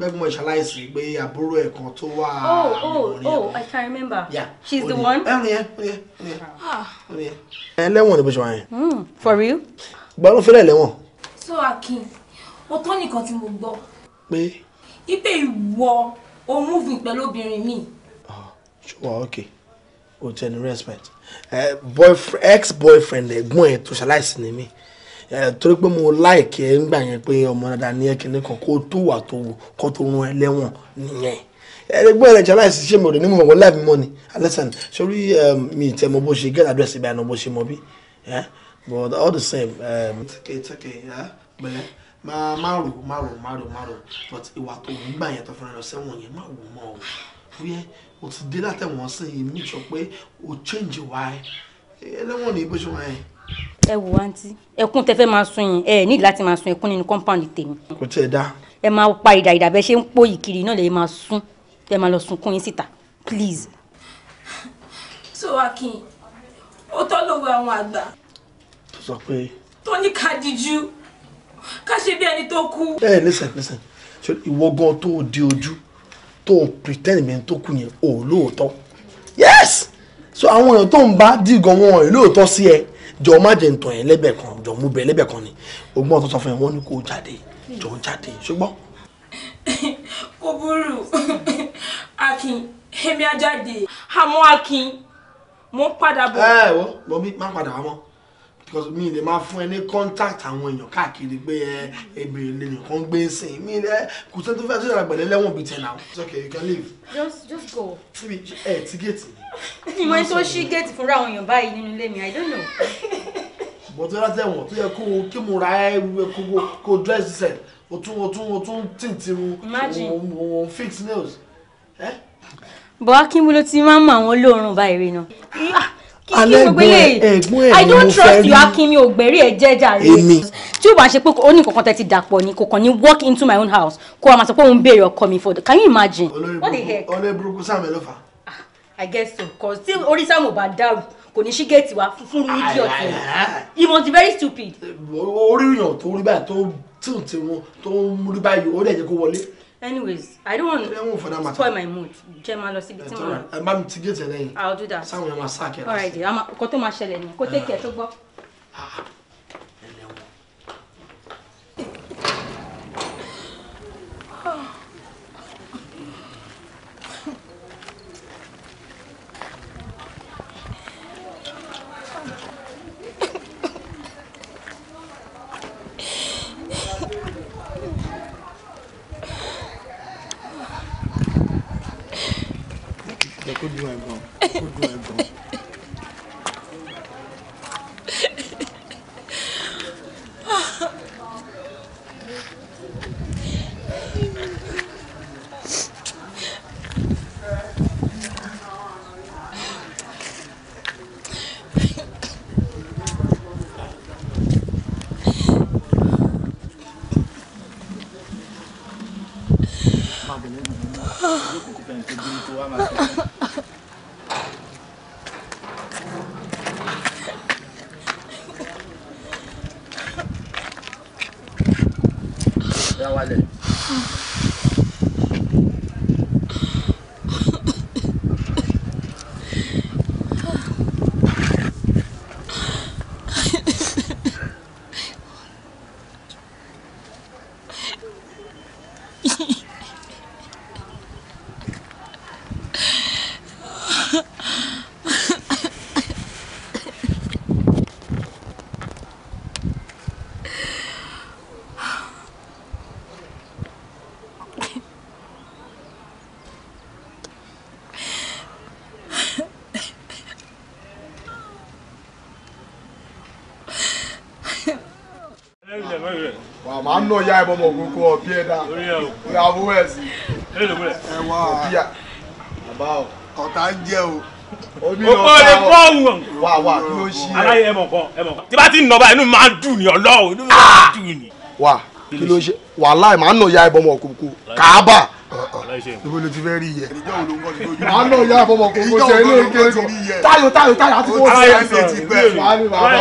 Bẹ́ẹ̀ mm. mo ṣaláìsí pé àbúrò ẹ̀ kan tó wà. Oh, oh, oh, I can remember. Yeah. She's the one. Ẹ ní ẹ, ní ẹ, ní ẹ. Ah. Ní ẹ. Ẹ lẹ́wọ̀n ni bó ṣe wá yẹn. Mm, for real? Gbọ́dọ̀ fẹ́rẹ̀ lẹ́wọ̀n. So Akin, ọ̀tọ̀ nìkan tí mo gbọ́. Pé ipe ìwọ o moving pẹ̀lú obìnrin mi. ṣùgbọ́n ah, ok o tẹ ní respect eh, ex boyfriend ẹ̀gbọ́n ẹ̀ to ṣaláìsí ni mí eh, torí pé mo láìkí ẹ ńgbà yẹn pé ọmọ dáadáa ní ẹkẹlẹ kan kó tó wà tó wù kó tó rún ẹ lẹ́wọ̀n nìyẹn eh, ẹgbẹ́ rẹ̀ ṣaláìsí ṣé mo ní mo mọ̀ wọ́n láìpẹ́ mọ́ ni alẹ́sàn ah, sórí um, mi tẹ mo bó ṣe get address ibà ẹ̀ náà bó ṣe mọ bí but all the same. Um, it's okay it's okay. Yeah? But, máa má rò má rò má rò má rò but ìwà tó ń gbà yẹn tó fẹ́ràn lọ sẹ́wọ̀n yẹn má wò mọ́ o wíyẹ o ti dé látẹ̀wọ̀n sí i mi sọ pé o change wa ẹ ẹlẹ́wọ̀n ní bó ṣe wà yẹn. ẹ wò àǹtí ẹkún tẹ fẹ́ máa sun yẹn ẹ ní láti máa sun ẹkún nínú compound tèmi. kò tiẹ̀ dá. ẹ máa pa ìdà ìdà bẹ́ẹ̀ ṣe ń pò ìkiri náà lè máa sun ẹ máa lọ sunkún yín síta please. so akin ó tọ́ ló àwọn àgbà. tó sọ pé. tó ní ká díjú ká ṣe bí ẹni tó kú. ẹ ẹ listen listen ṣe ìwọ gan tó di ojú tó pretend mi tó kú yẹn ò lóòótọ́ yes so àwọn èèyàn tó ń bá dìgan wọn ò lóòótọ́ sí ẹ jọ má jẹ ntọ yẹn lẹbẹ kan jọ mú bẹ lẹbẹ kan ni ogbon tó sọ fún yẹn wọn ni kò jáde jọ jáde ṣùgbọ́n. kò burú akin èmi ajáde àmọ́ akin mo ń padà bọ̀. ẹ ẹ wọ bọbí má padà wá mọ́ because mi lè máa fún ẹ ní contact àwọn èèyàn káàkiri pé ẹ ebèrè lè nìkan gbé ń sìn mi lẹ kò sẹ́ni tó fẹ́ tó yàrá gbẹ̀lẹ́ lẹ́wọ̀n bíi tẹ̀ náà. it's okay you can leave. just just go. síbi ẹ ti géètì. ìmọ̀ tó ṣí géètì fúnra àwọn èèyàn báyìí nínú ilé mi i don't know. ṣùgbọ́n tó yàrá tẹ̀wọ̀n tó yẹ kó o kí mo ra ẹ kó o dress set o tún o tún o tún tìǹtìrù o fix nails. bọ́ akínbó ló ti máa ń mọ àwọn olóòórùn báyìí rí náà. Ah, kí gbogbo i don't trust you akínmi ògbẹ́rí ẹ̀ jẹ́jà rẹ̀ tí ó bá ṣe pé ó ní kankan tẹ́ ti dàpọ̀ ni kò ní walk into my own house kó a máa sọ pé òun béèrè ọkọ mi for can you imagine what the heck. olórí burúkú sáàmì ló fà á. Ah, I guess so cause tí orí sáàmù bá dàrú kò ní ṣí géètì wá fún un ní idiot he must be very stupid. orí yàn tó rí báyìí tó tún tí wọn tó ń rí báyìí ó dẹ̀ jẹ́ kó wọlé anyways i don't want to spoil my mood jẹ́ máa lọ síbi tí mo rà. ẹ bá mi ti gé tẹ̀lé yìí. i will do that. sáwọn yẹn máa sáà kẹ́lá sí. ọ̀rẹ́ ìdè ọkọ tó máa ṣẹlẹ̀ ni kó tẹ̀kẹ́ tó gbọ́. Ah. wà á máa ń nà ya ẹ̀ mọ́mọ́ kókó ọ̀bí ẹ̀ dá ìyá owó ẹ̀ sí ẹ̀ wá ọ̀bí à bàbá o ọ̀tá ń jẹ́ o omi lọ ta ọ wà wà kí ló ṣe ẹ. aláyẹ ẹ mọ̀ kọ́ ẹ mọ̀ kọ́ tí bá ti nọ báyìí inú mi máa dùn ní ọlọ́run inú mi dùn ní. wà kí ló ṣe wàhálà ẹ̀ máa ń nà ya ẹ̀ mọ́mọ́ kókó kàábà ibo ló ti fẹ́ rí yẹ. àánú ìyá àfọwọ́ kò kò sẹ́yìn lórí kéré kan táyọ̀ táyọ̀ táyọ̀ àti fọwọ́ sẹ́yìn lórí kéré kan.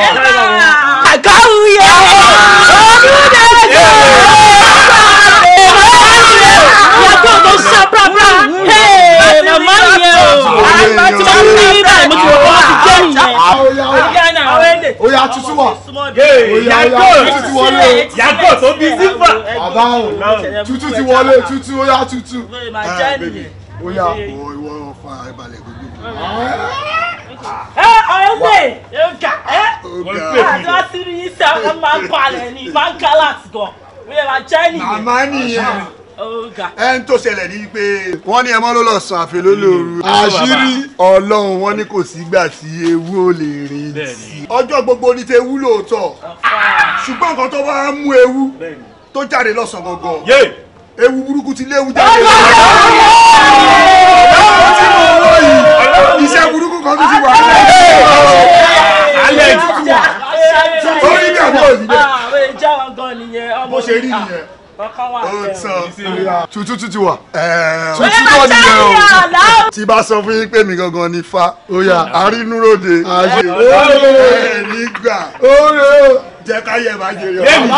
àkàwù yẹ ọdún dẹ́jọ́ yàtọ̀ tó sá pàápàá màmá yẹ o àgbà tí wọ́n rí ibà mo ti wọ́n ti jẹ́ ìyẹn wọlé. ó yá tutù wà. yàgò tutù wọlé. yàgò tó bí sífà. bàbá o tutù ti wọlé tutù ó yá tutù. ó yá ìwọ ìwọ fa ìbalẹ̀ gbogbo ẹ ọ̀rẹ́ sè é ọ̀gá ẹ àti wá sí mi yín sẹ́ ọ̀gá máa ń palẹ̀ ní máa ń kálá àtìgọ̀ wíyẹn máa jẹ́ nìyẹn. màmá nìyẹn ẹn tó ṣẹlẹ̀ ní pé wọ́n ní ẹmọ́ ló lọ sàn àfẹ́ lólóoru àṣírí ọlọ́run wọn ní kò sígbà tí ewu ò lè rìn tí ọjọ́ gbogbo ní tẹ ewu lóòótọ́ ṣùgbọ́n nǹkan tó bá mú ewu tó jáde lọ́sàn-án gangan ewu burúkú ti léwu jáde iṣẹ́ burúkú kan tó ti wà lẹ́yìn tó ní bí àbúrò yìí bẹ́ẹ̀ bó ṣe rí nìyẹn tutu tutu wa tutu náà nìyẹn o tí bá sọ fún yín pé mi gangan ni fa oya arínúròde oore nígbà oore jẹ ká yẹ bá jẹ yọ. yéèmí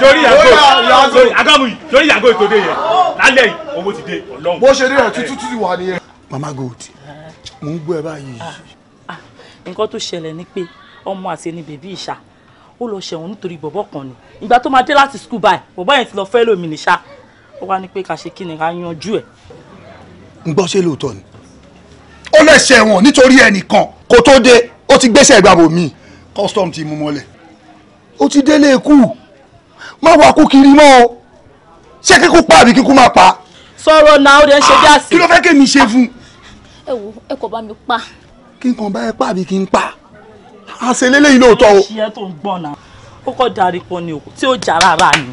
sórí yàgò agamu yìí sórí yàgò ètò dé yẹn lálẹ́ yìí owó ti dé ọlọ́run. bó ṣe rí rẹ̀ tutu tutu wà nìyẹn. mama gold mò ń gbọ́ ẹ báyìí. nǹkan tó ṣẹlẹ̀ ni pé ọmọ àti ẹni bèbí ìṣá ó lọ ṣẹ̀wọ̀n nítorí bọ̀bọ̀ kan ni ìgbà tó máa dé láti skul báyìí bọ̀bọ̀ yẹn ti lọ fẹ́ lómi nìṣá ó wá ní pé ká ṣe kí ni ká yanjú ẹ̀. ń gbọ́ ṣé lóòótọ́ ni ó lọ ṣẹ̀wọ̀n nítorí ẹnìkan kó tó dé ó ti gbéṣẹ́ ìgbàbò mi custom ti mú mọ́lẹ̀ ó ti délé ikú má wà kú kiri mọ́ o ṣé kíkú pa àbí kíkú má pa. sọ̀rọ̀ náà ó dẹ̀ ṣe ah, bí àsè. kí ló àṣẹ lélẹ́yìn lóòótọ́ o. ṣé ẹ tó ń gbọ́n náà ó kọ́ darí pọ̀ ni o tí ó jà rárá ni.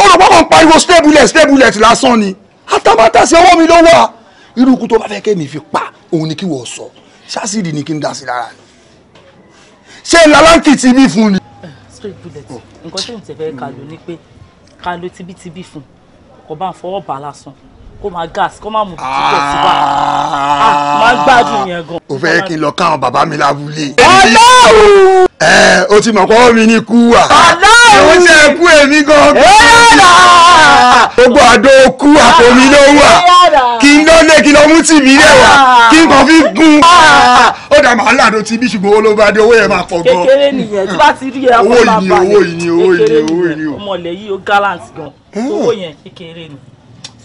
ó lọ pọ́kàn pariwo stébulẹ̀ stébulẹ̀ ti lásán ni àtàbátàsí ọwọ́ mi ló wà irú ikú tó bá fẹ́ kémi fi pa òun ni kí wọ́n sọ ṣáṣìdì ni kí n dá sí ni ṣé laláǹkì ti bí fún ni. Eh, nǹkan tó ń tẹ̀fẹ́ kalu ni pé kalu tibítibí fún kò bá ń fọwọ́ bá lásán kó máa gas kó máa mú ah. títẹ̀ sí wa ah, máa gbádùn yẹn gan. o fẹ́ kí n lọ káwọn bàbá mi lábúlé. ọlọ́run. ẹ o ti mọ̀ pọ́wọ́ mi ní kú wa. ọlọ́run. èwo ṣe é kú èmi gan-an. èèyàn. gbogbo àdó kú àtòmí ló wà kí n lọ lé kí n lọ mú tì mí rẹ ah. kí n kàn fi gún. ó dà máa láàdó tí bí ṣùgbọ́n owó dé owó yẹn máa pọ̀ gan. kékeré nìyẹn tí bá ti rí ẹ kó máa bá owó yìí ni owó yìí ni owó yìí ni owó yìí ni. ọmọ ilẹ̀ yìí ó gallant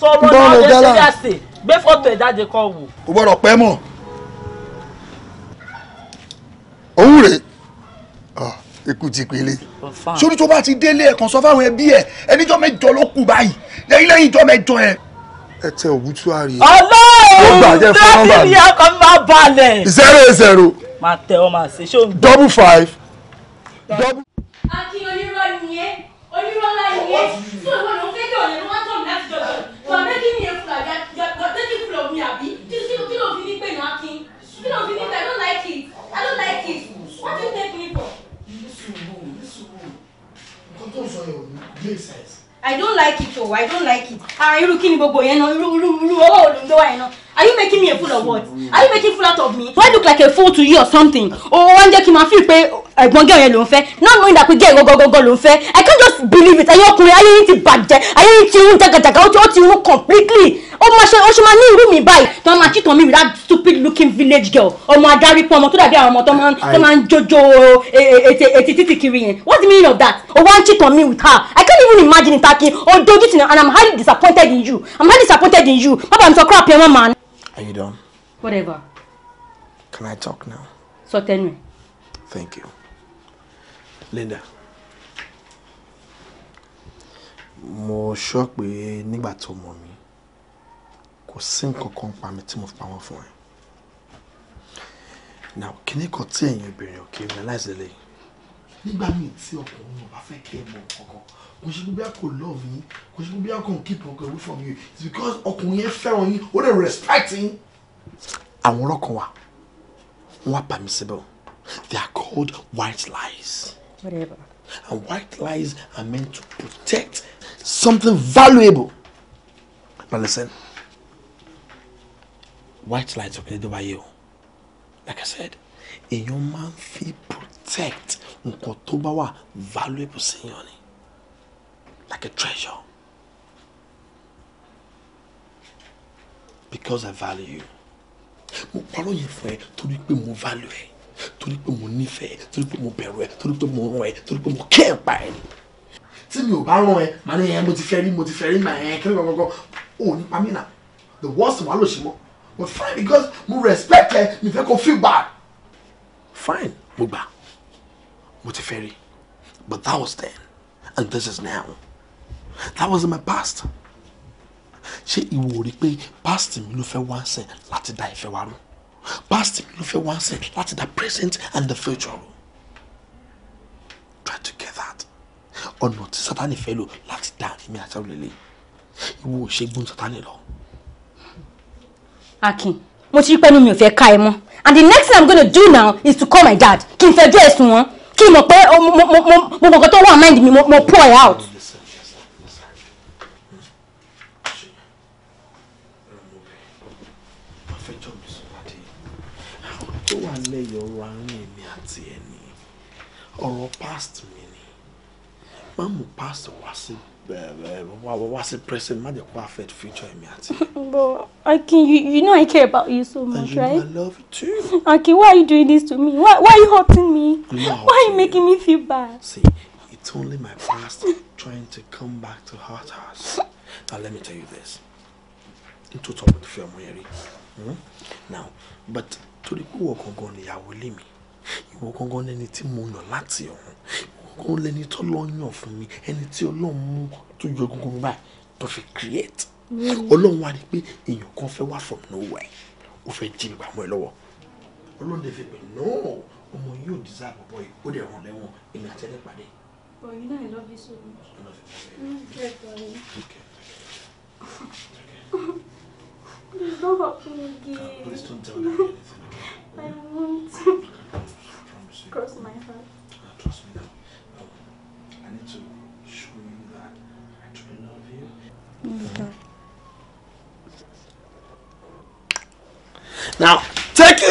sọ ọmọ náà lè ṣe yàsè gbé fọ́tò ẹ̀ jáde kọ́ wò. o gbọ́dọ̀ pẹ́ mọ̀ òun rèé ah, ikú ti pele sórí tó bá ti délé ẹ̀kan sọ fáwọn ẹbí ẹ ẹníjọ́ mẹ́jọ ló kù báyìí lẹ́yìn lẹ́yìn ìjọ́ mẹ́jọ ẹ. ẹ tẹ òbútú àárẹ̀. ọlọ́run láti ní ọkọ̀ máa balẹ̀. zero zero. máa tẹ ọ máa ṣe ṣóun. double five. akin onírọ̀ nìyẹn onírọ̀ láì yẹn tí òun ò fẹ́ kí ọ̀lẹ́ ló wá tọ̀ láti jọjọ you are making me a fool abi you are making fool of me abi kí ló kí ló fi ní gbẹ̀yìn akin kí ló fi ní gbẹ̀yìn i don't like it i don't like it what do you take me for. i don't like it o i don't like it ara irú kí gbogbo yẹn náà irú irú irú owó olùdó wa yẹn Are you making me a fool or what? Are you making fool out of me? Do I look like a fool to you or something? Oh, wọ́n jẹ́ kí n máa fi pé ẹ̀gbọ́n gẹ̀rẹ́ ló ń fẹ́. Not knowing that pé gẹ̀rẹ́ gọ́gọ́gọ́ ló ń fẹ́. I can't just believe it. Ayé ọkùnrin ayé yín ti bàjẹ́. Ayé yín ti irun jàgàjàgà. Ó ti irun completely. Ó máa ṣe oṣù máa ní irú mi báyìí. Tí wọ́n máa cheat on me with that stupid looking village girl. Ọmọ adarí pọ̀ ọmọ tó dàbí àwọn ọmọ tó máa ń jojo ètí e, e, e, títì kiri yẹn. What's the meaning of that? O wá ń cheat on me with her. I can't even imagine it taking. Odojú ti na and I'm highly disappointed in you. I'm highly disappointed in you. Bàbá mi sọ kúrò àpẹ́ wọn màá. Are you done? Whatever. Can I talk now? Certainly. Thank you. Linda. Mo sọ pé nígbà tó mọ̀ mí, kò sí nǹkan kan pa mi tí mo fi pamọ́ fún ẹ. Now, kíní kan tí ẹ̀yin obìnrin ò kí realize lélẹ́yìn. Nígbà míì tí ọkùnrin ò bá fẹ́ kí ẹ mọ nǹkan kan, kò ṣe gbogbo love yín kò ṣe gbogbo keep ọkọ away from you it's because ọkùnrin yẹn fẹ́ràn yín ó dẹ̀ respect yín. àwọn ọ̀rọ̀ kan wà wọ́n á permissible they are called white lies. whatever. and white lies are meant to protect something valuable. now listen white lies ọ̀kẹ́lẹ́ dé wáyé o like I said èèyàn máa ń fi protect nǹkan tó bá wà valuable sí yàn ni like a treasure. Because I value you. Mo parọ́ yẹn fún ẹ torí pé mo value ẹ, torí pé mo nífẹ̀ẹ́, torí pé mo bẹ̀rù ẹ, torí pé mo ràn ẹ, torí pé mo kẹ́ ẹ̀ pa ẹ. Tí mi ò bá ràn ẹ, màá ní ẹ mo ti fẹ́ rí, mo ti fẹ́ rí màá ẹ kí ló gbọ́ngàn. O ò pa mí nà. The worst wà ló ṣe mọ́. But fine because mo respect ẹ, mi fẹ́ kó feel bad. Fine, mo gbà. Mo ti fẹ́ rí. But that was then, and this is now that was my past ṣé ìwọ ò rí pé past mi ló fẹ́ wá ń sẹ̀ láti dá ìfẹ́ wa rú past mi ló fẹ́ wá ń sẹ̀ láti dá present and the future rú try to get that ọ̀nà tí sátani fẹ́ lò láti dá èmi àti àwọn olèlè ìwọ ò ṣe gbóhùn sátani lọ. akin mo ti rí pẹ́ẹ́nu mi ò fẹ́ ká ẹ mọ́ and the next thing i'm gonna do now is to call my dad kí n fẹjọ́ ẹ̀sùn wọn kí n mọ̀ pé mo mọ̀ nǹkan tó wà mind mi mo pour it out. tó wà nílẹ̀ yìí ọ̀rọ̀ àárín èmi àti ẹni ọ̀rọ̀ past mi ni má mú past wá sí eh, eh, wá sí present má jẹ́ kó affect future èmi àti ẹni. but Akin you, you know I care about you so much right. and you know I love you too. Akin why are you doing this to me why, why are you hurting me why are you making me feel bad. see it's only my past trying to come back to hurt us. now let me tell you this. n tó tọ́ mo ti ọmọ yẹn rí. Hmm? now but torí pé ìwọ gangan nìyàwó lé mi ìwọ gangan lẹni tí mo yàn láti ọ̀run ìwọ gangan lẹni tó lọ yàn fún mi ẹni tí ọlọ́run mú tó yọ egungun mi báyìí tó fi create ọlọ́run wá ní pé èèyàn kan fẹ́ wá from nowhere ó fẹ́ jí mi pamọ́ ẹ lọ́wọ́ ọlọ́run dẹ̀ fi pè náà ọmọ yóò dísà àbọ̀bọ̀ yìí ó dẹ̀ rán lẹ́wọ̀n èmi àtẹ́lẹ̀ pàdé. Bonnie, I love you so much. I love you. Mm, great, Bonnie. Okay. okay. Please don't tell them anything. I won't. Cross my heart. Uh, trust me now. I need to show you that I truly love you. mm Now, take it!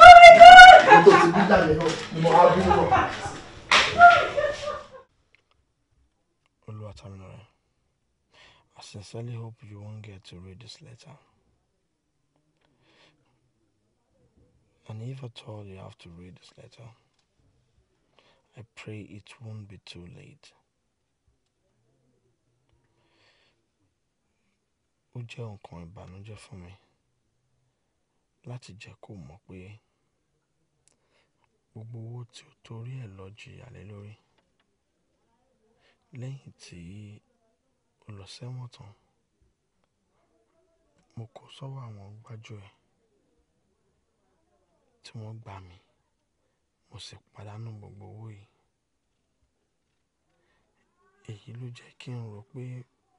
oh my god! Olúwa tàmínà sincerely hope you won't get to read this letter. And if at all you have to read this letter, I pray it won't be too late. Ó jẹ́ nǹkan ìbànújẹ́ fún mi láti jẹ́ kó mọ̀ pé gbogbo owó tí ó torí ẹ̀ lọ jìyà lé lórí lẹ́yìn tí mo lọ sẹ́wọ̀n tán, mo kó sọ́wọ́ àwọn gbájúẹ̀ tí wọ́n gbà mí, mo sì pàdánù gbogbo owó yìí. Èyí ló jẹ́ kí n rò pé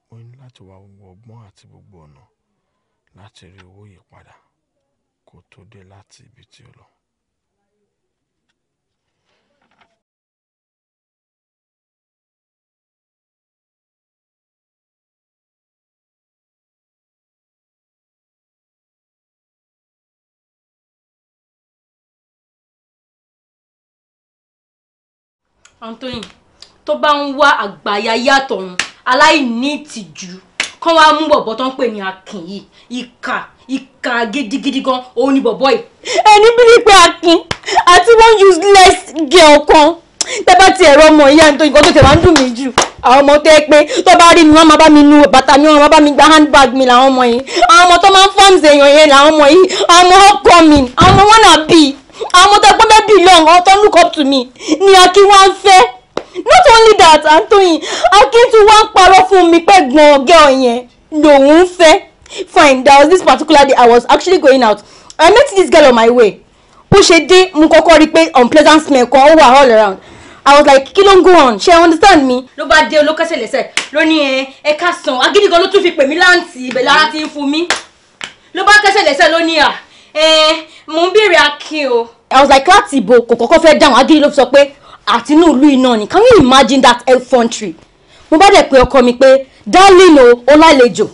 mo ní láti wá gbogbo ọgbọ́n àti gbogbo ọ̀nà láti rí owó yìí padà kó tó dé láti ibi tí ó lọ. Anthony tó bá ń wá àgbàyà yàtọ̀ ọ̀hún aláìní ìtìjú kán wá mú bọ̀bọ̀ tó ń pè ní akin yìí ìkà ìkà gidigidi gan òun ni bọ̀bọ̀ yìí. ẹni bí wípé akin àti one useless girl kan tẹ́ bá ti ẹ̀rọ ọmọ ìyá Anthony kan tó tẹ̀ máa ń dùn mí jù àwọn ọmọ tẹ́ pé tó bá rí mi wọ́n máa bá mi nu bàtà mi wọ́n máa bá mi gba handbag mi làwọn ọmọ yìí àwọn ọmọ tó máa ń fọ́ọ̀mù èèyàn yẹn làwọn ọmọ yìí àwọn ọmọ upcoming àwọn ọmọ wọn náà bíi àwọn ọmọdégbọ́n bẹ́ẹ̀ belong àwọn tó look up to me ni akin wá ń fẹ́ not only that antoyin akin tún wá ń parọ́ fún mi pé gbọ̀n ọ̀gẹ́ ọ̀yẹn lòun ń fẹ́ fine that was this particular day i was actually going out i met this girl on my way bó ṣe dé mo kọ́kọ́ rí i pé unpleasant smell kan ó wà all around i was like kí ló ń go on ṣe understand me. ló bá dé olókẹ́sẹ̀ lẹ́sẹ̀ ló ní ẹ ẹ ká sàn agídí gan ló tún fi pè mí láǹtì ibẹ̀ lára ti ń fún mi ló bá kẹ́sẹ̀ lẹ́sẹ̀ ló à ẹ eh, mò ń béèrè akin o. I was like láti ibo kò kọ́kọ́ fẹ́ dáhùn agídí ló fi sọ pé àtinú ìlú iná ni can you imagine that effrontery mo bá dẹ̀ pé ọkọ mi pé darling o ó lálejò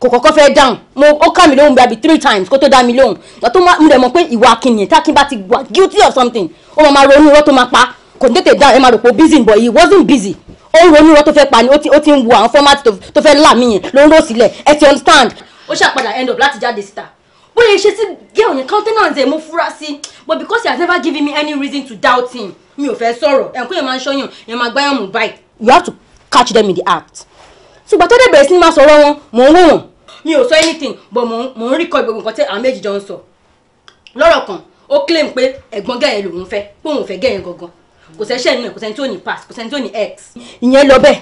kò kọ́kọ́ fẹ́ dáhùn mo ó kà mí lóhùn bíi three times kó tó dá mi lóhùn ìgbà tó mo dẹ̀ mọ̀ pé ìwà akin yẹn tákin bá ti wà guilty of something ó máa ronú irọ́ tó máa pa kò ní tètè dáhùn ẹ máa rò pé busy but he wasn't busy ó ń ronú irọ́ tó fẹ́ pa ni ó ti ń wo àwọn fọ́mátì tó fẹ́ là mí yẹn ló ń rò sílẹ̀ ẹ ti understand. ó ṣàpadà end up láti jáde síta bó ṣe ṣe sí girl yẹn countenance ẹ̀ mo fura sí but because he has never given me any reason to doubt him mi ò fẹ́ sọ̀rọ̀ ẹ̀kún yẹn máa ń ṣọ́yàn yẹn máa gbáyàn mú báyìí. you have to catch them in the act. ṣùgbọ́n tó dẹ̀ bẹ̀rẹ̀ sí ní máa sọ̀rọ̀ wọn mò ń wò wọ́n mi ò sọ anything but mò ń rí kọ gbogbo nǹkan tí àwọn méjì jọ ń sọ lọ́rọ̀ kan ó claim pé ẹ̀gbọ́n gẹ̀yẹn lòun fẹ́ pé òun fẹ́ gẹ̀yẹn gangan kò sẹ́ṣẹ́ nínú ẹ̀ kò sẹ́ni tó ní pass kò sẹ́ni tó ní x. ìyẹn lọ bẹ́ẹ̀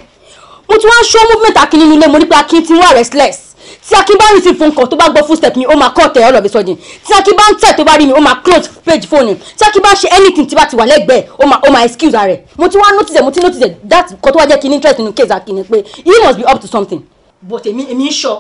mo ti wá movement akínní nílé mo ní pé akín ti restless tí akínbáyìí sì fún nǹkan tó bá gbọ́ footstep mi ó máa kọ́ tẹ̀ ọ̀nà ìbísọ́jìn tí akínbá ń tẹ̀ tó bá rí mi ó máa close page fóònù tí akínbá ṣe anything tí bá ti wà lẹ́gbẹ̀ẹ́ ó máa ó máa excuse ara rẹ̀ mo ti wá notice ẹ̀ mo ti notice ẹ̀ that kan tó wá jẹ́ kí n interest nínú case akínní pé he must be up to something. but èmi èmi ń sọ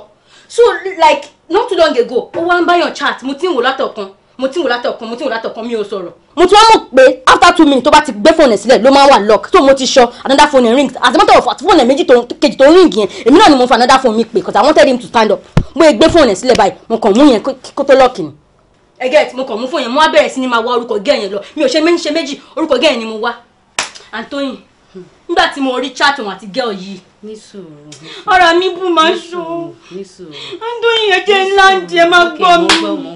so like not too long ago ó wá ń báyọ̀ chat mo ti ń wò látọ̀kan mo ti wò látọ̀kan mo ti wò látọ̀kan mi ò sọ̀rọ̀. mo ti wá mọ̀ pé after two minutes tó bá ti gbé fóònù ẹ̀ sílẹ̀ ló máa wà lock tó mo ti sọ another phone ẹ̀ ring as a matter of fact fóònù ẹ̀ méjì tó kejì tó ring yẹn èmi náà ni mo fa another phone mi pè cause I wanted him to stand up mo gbé fóònù ẹ̀ sílẹ̀ báyìí mo kàn mú yẹn kó tó lock ni. ẹ gẹ́t mo kàn mú fóònù yẹn mo wá bẹ̀rẹ̀ sí ni máa wá orúkọ gẹ́ẹ̀ yẹn lọ mi ò ṣe méjì ṣe méjì orúkọ gẹ́ẹ̀ ni mo wá Antoine hmm, nígbà tí mo rí chat òun àti gẹ́ọ̀ yìí ní sùúrù. ọ̀rọ̀ mi bù máa ṣó ndóyìn yẹn jẹ́ ńlá díẹ̀ máa gbọ́ mi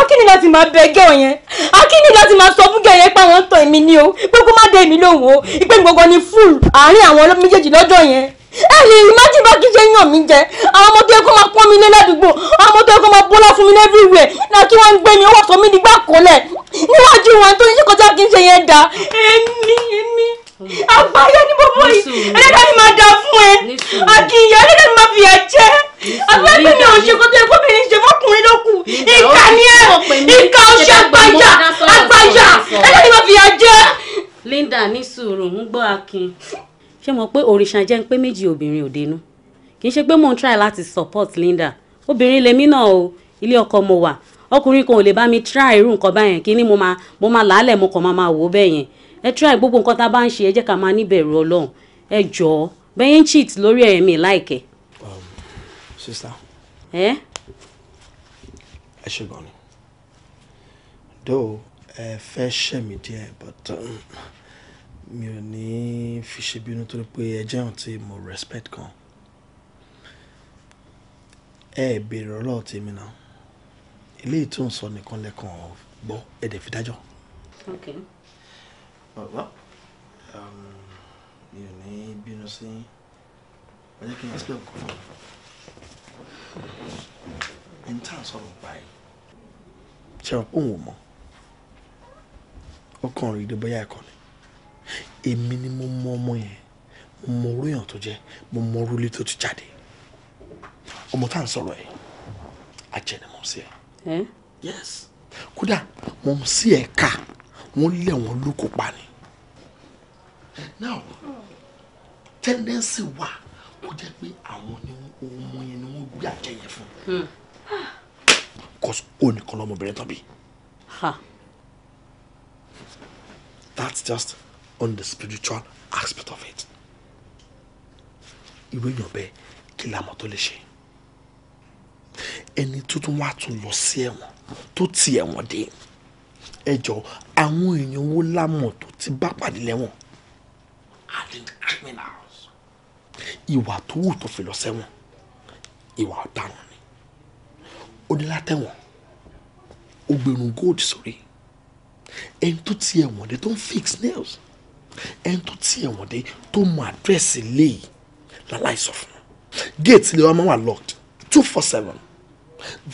akíní láti máa bẹ gẹ́ọ̀ yẹn akíní láti máa sọ fún gẹ́ọ̀ yẹn pé àwọn ń tàn èmi ni o pé kó má dé èmi lóhùn o ìpè gbogbo ni fúl àárín àwọn méjèèjì lọ́jọ́ yẹn ẹ lè imájú bá kíjẹ yàn mí jẹ àwọn ọmọ tó yẹ kó máa pọ́n mi lé ládùúgbò àwọn ọmọ tó yẹ kó máa bọ́lá mi lẹ́fìwẹ̀ mi ọwọ́ sọ mí nígbà kọlẹ̀ níwájú wọn tó ń ṣe kọjá kí àgbáyé ní gbogbo yìí ẹlẹ́dàá mi máa dà fún ẹ àkìyà ẹlẹ́dàá mi máa fìyà jẹ àgbáyé pé mi ò ṣe kótó ẹ̀kọ́ mi ní ṣe fọkùnrin ló kù ìkà ni ẹ ìkà ọṣẹ àgbáyà àgbáyà ẹlẹ́dàá mi máa fìyà jẹ. Linda ní sùúrù ń gbọ́ Akin ṣé mo pé òrìṣà jẹ́ ń pé méjì obìnrin ò dénú kì í ṣe pé mò ń try láti support Linda obìnrin lèmi náà o ilé ọkọ mo wà ọkùnrin kan ò lè bá mi try irú nǹkan báyẹn kí ni mo máa làálẹ̀ mo kàn máa máa wò ó bẹ́ẹ̀ yẹn ẹ try gbogbo nǹkan tá a bá ń ṣe ẹ jẹ́ ká máa níbẹ̀rù ọlọ́run ẹ jọ̀ọ́ bẹ́yìn cheat lórí ẹ̀yìn mi láìkẹ́. Um, sista ẹ ṣe gan though ẹ fẹ́ ṣẹ̀ mí díẹ̀ but um, mi ò ní fi ṣe bínú torí pé ẹ jẹun tí mo respect kan ẹ béèrè ọlọ́ọ̀ tèmi náà eléyìí tó ń sọ nìkan lẹ́kàn gbọ́ ẹ dẹ̀ fi dájọ́. okay bàbá um, mi ò ní bínú sí ẹ jẹ́ kí n explain kọ́ fún mi n tá à ń sọ̀rọ̀ báyìí ṣe ọ̀ pòun ò mọ̀ ọkàn rèé bóyá ẹ̀kọ́ ni èmi ni mo mọ ọmọ yẹn mo mọ orú tó jẹ́ mo mọ orú tó ti jáde ọmọ tá à ń sọ̀rọ̀ ẹ̀ ajẹnimọ̀ sí ẹ. yes kódà mo ń sí ẹ̀ ká wọ́n lẹ̀ wọ́n lóko pa ni now tendency wa kò jẹ́ pé àwọn ni ọmọ yẹn ni wọ́n gbé àjẹ́ yẹn fún hmm. cause ó nìkan lọ́mọbìnrin tán that's just on the spiritual aspect of it ìwé èèyàn bẹ́ẹ̀ kí lamọ tó lè ṣe ẹni tuntun wa tún lọ sí ẹ̀wọ̀n tó ti ẹ̀wọ̀n dé ẹ jọ àwọn èèyàn wo la mọ̀ tó ti bá pàdé lẹ́wọ̀n. criminals. ìwà tó wù tó fi lọ sẹ́wọ̀n ìwà ọ̀daràn ni ó ní látẹ̀wọ̀n ó gbẹnu gold sórí ẹni tó ti ẹ̀wọ̀n dé tó ń fix nails ẹni tó ti ẹ̀wọ̀n dé tó mọ àdírẹ́sì léyìí láláìsọ fún un géètì lè wá máa wà locked two four seven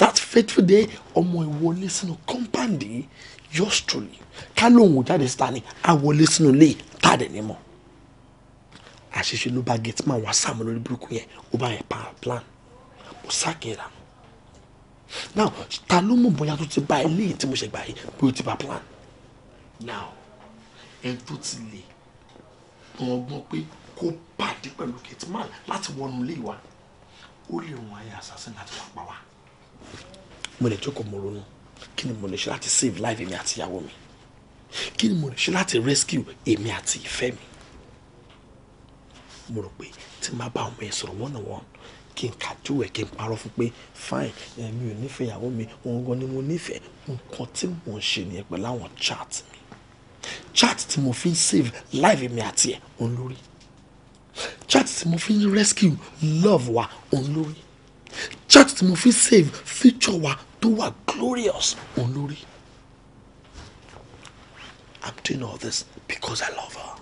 that fateful day ọmọ ìwọlé sínú kọ́ńpáǹdì yìí yours truly ká lóun ò jáde síta ni a wọlé sínú ilé tàdé ni mọ́ àṣìṣe ló bá gẹ̀tì máa wá sáàmù lórí burúkú yẹn ó bá yẹn pa plan mo sákìrà now ta ló mọ̀ bóyá tó ti bá ilé yìí tí mo ṣe gbà yìí bí ó ti bá plan now ẹni tó ti lè wọn gbọ́n pé kó pàdé pẹ̀lú gẹ̀tìmáà láti wọnú ilé wa ó lè wọn ayé assassin láti wá pa wá. mo lè jókòó mo ronú kí ni mo lè ṣe láti save life èmi àti ìyàwó mi kí ni mo lè ṣe láti rescue èmi àti ìfẹ́ mi mo rò pé tí n bá bá ọmọ yẹn sọ̀rọ̀ one on one kí n kájú ẹ̀ kí n parọ́ fún pé fine èmi ò nífẹ̀ẹ́ ìyàwó mi òun gan ni mo nífẹ̀ẹ́ nǹkan tí mò ń ṣe nìyẹn pẹ̀lú àwọn chat mi chat tí mo fi ń save life èmi àti ẹ̀ òun lórí chat tí mo fi ń rescue love wa òun lórí chat tí mo fi save future wa tó wà glorious òun lórí. I'm doing all this because I love her.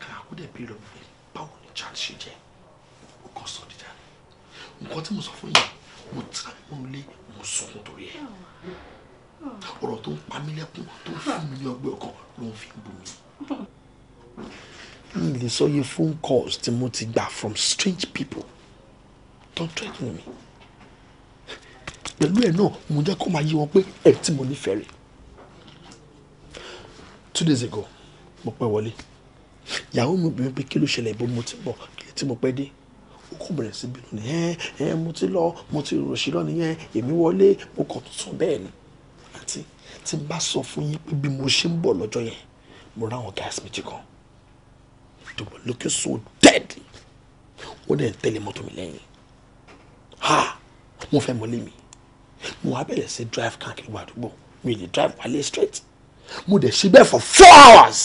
Kàrà kó dẹ̀ bí rẹ̀ báwo ni church ṣe jẹ́? O kàn sọ dídá ni. Nǹkan tí mo sọ fún yìí, mo tà mí mọ́ ilé, mo sunkún torí ẹ̀. Ọ̀rọ̀ tó ń pa mí lẹ́kún, tó ń fún mi ní ọgbẹ́ ọkàn ló ń fi bù mí n lè sọ iye phone calls tí mo ti gbà from strange people tó ń tẹ́tù mi pẹ̀lú ẹ̀ náà mo jẹ́ kó máa yí wọn pé ẹ̀ tí mo nífẹ̀ẹ́ rẹ̀ two days ago mo pẹ́ wọlé ìyàwó mi bìí pé kí ló ṣẹlẹ̀ bó mo ti bọ̀ kí tí mo pẹ́ dé ó kò bẹ̀rẹ̀ sí bínú ni ẹ ẹ mo ti lọ mo ti rò sí lọ nìyẹn èmi wọlé mo kàn tó bẹ́ẹ̀ ni àti tí n bá sọ fún yín pé bí mo ṣe ń bọ̀ lọ́jọ́ yẹn mo ráwọn gáàs méjì kan they were looking so dead wọ́n dẹ̀ ń mọ́tò mi lẹ́yìn ha wọ́n fẹ́ mọ́lé mi mo wá bẹ̀rẹ̀ sí drive káàkiri wà àdúgbò mi lè drive wálé straight mo dẹ̀ ṣe bẹ́ẹ̀ for four hours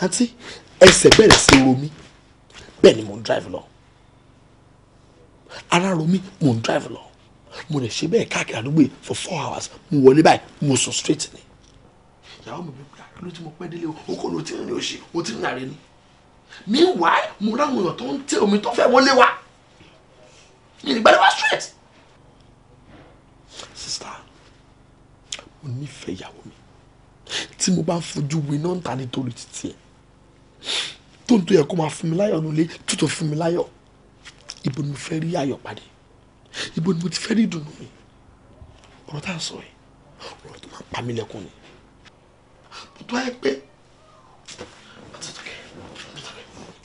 àǹtí ẹsẹ̀ bẹ̀rẹ̀ sí ro mi bẹ́ẹ̀ ni mo ń drive lọ ara ro mi mo ń drive lọ mo dẹ̀ ṣe bẹ́ẹ̀ káàkiri àdúgbò for four hours mo wọlé báyìí mo sùn straight ni ìyàwó mi bí kí ló ti mo pẹ́ délé o kò ló ti ní o ti rìn àrè ni meanwhile mo ráwọn èèyàn tó ń tẹ omi tó fẹ́ wọlé wa yìí ní gbàdúrà straight. sista mo nífẹ̀ẹ́ ìyàwó mi tí mo bá ń fojú wo iná ń ta nítorí títí ẹ̀ tó ń tó yẹ kó máa fún mi láyọ̀ nulẹ̀ tútù fún mi láyọ̀ ibo ni mo fẹ́ rí ayọ̀ pàdé ibo ni mo ti fẹ́ rí ìdùnnú mi ọ̀rọ̀ tá à sọ yìí ọ̀rọ̀ tó máa pa mí lẹ́kùn ni mo tó ayẹ pé.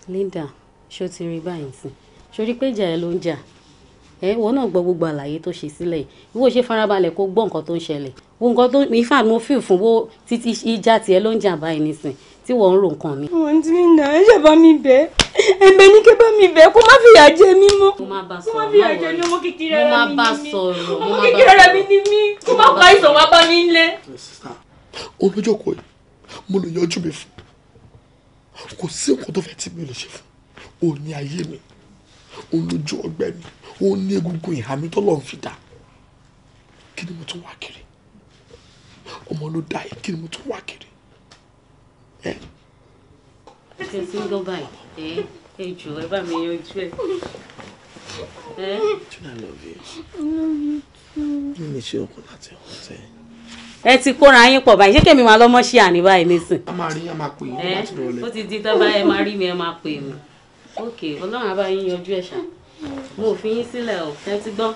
Linda ṣó ti rí báyìí sí ṣó pé ìjà ẹ ló ń jà ẹ wọn náà gbọ́ gbogbo àlàyé tó ṣe sílẹ̀ ìwọ ṣe farabalẹ̀ kó gbọ́ nǹkan tó ń ṣẹlẹ̀ wo nǹkan tó in fact mo feel fún wo títí ìjà tiẹ̀ ló ń jà báyìí nísìn tí wọ́n ń ro nǹkan mi. wọ́n ti ń nà ẹ́ ṣàbá mi bẹ́ẹ̀ ẹ̀bẹ̀ ní kébà mi bẹ́ẹ̀ kó má fìyà jẹ mí mọ́ kó má fìyà jẹ mí ọmọ kékeré rẹ mi ni mí ọmọ kékeré rẹ mi ni mí kó má pa ìsàn wá bá mi lẹ. olójókòó yìí mo lè yọjú mi fún kò sí nǹkan tó fẹ́ tí mi lè ṣe fún òní ayé mi olójú ọgbẹ́ mi ó ní egungun ìhàmí tọ́lọ̀ ń fi dà kí ni mo tún wá kiri ọmọ ló dá yìí kí ni mo tún wá kiri. ẹ ṣe sí ń gbọ́ báyìí ẹ jù ẹ bá mi yanjú ẹ. Juna, I love you. I love you too. Mímí ṣe ọkọ láti ọkọ tẹ. Ẹ ti kóra yín pọ̀ báyìí, ṣé kèmi máa lọ́mọ́ ṣe àní báyìí nísìn? Ó ti di tán báyìí, ẹ máa rí mi, ẹ máa pè mí. Ọlọ́run á yín yanjú ẹ̀ ṣá mo fi yín sílẹ̀ o ẹ gbọ́.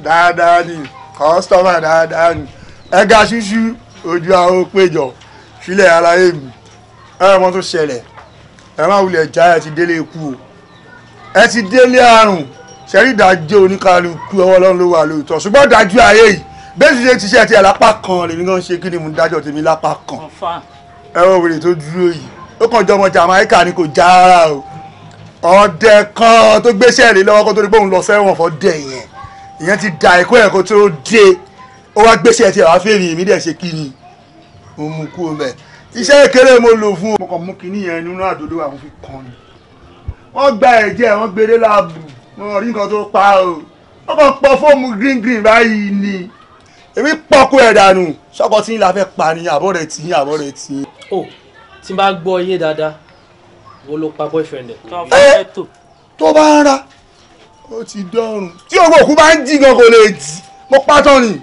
dáadáa ni kọ́sítọ́mà dáadáa ni ẹ̀ka ṣíṣú ojú àwọn péjọ sílẹ̀ aláyé mi ẹ̀rọ mọ́ tó ṣẹlẹ̀ ẹ má wulẹ̀ já ẹ ti délé ikú o ẹ ti délé àrùn ṣẹ́rí ìdájọ́ oníkàlùkù ọwọ́ ọlọ́run ló wà lóòótọ́ ṣùgbọ́n ìdájú ayé yìí bẹ́ẹ̀ sì ṣe ti ṣe ti ẹ̀ lápá kan lèmi gan ṣe kí ni mo dájọ́ tèmi lápá kan ẹ wọ wèrè tó dúró yìí ó kàn jọ ọmọ Jamaica ni kò já ara o ọdẹ kan tó gbéṣẹ́ rè lọ́wọ́ kó tó ní bóun lọ sẹ́wọ̀n fọ́ dẹ̀ yẹn ìyẹn ti da ẹ̀kọ́ ẹ̀kọ́ tó dé ó wá gbéṣẹ́ tí àwọn afẹ́rìn mi dẹ̀ ṣe kí ni ó mú kú o mẹ́ iṣẹ́ ìkéré mo lò fún. mo kàn mú kinní yẹn nínú àdúgbò àwọn fi kàn ni wọ́n gba ẹ̀jẹ̀ wọ́n gbére láàbù wọn rí nǹkan tó pa o wọ́n kàn pọ̀ fóòmù green green báyìí ni èmi pọ́kú ẹ̀ dànù sọ́kọ tí ń la fẹ́ pa ni àbọ̀ rẹ̀ tì í àbọ̀ rẹ̀ tì o tí n bá gbọ́ yé dáadáa wo ló pa boyfriend ẹ̀. tó bá ń ra ó ti dọ̀rùn tí ògbó òkú bá ń jí gan kò lè jí mo pa tán ni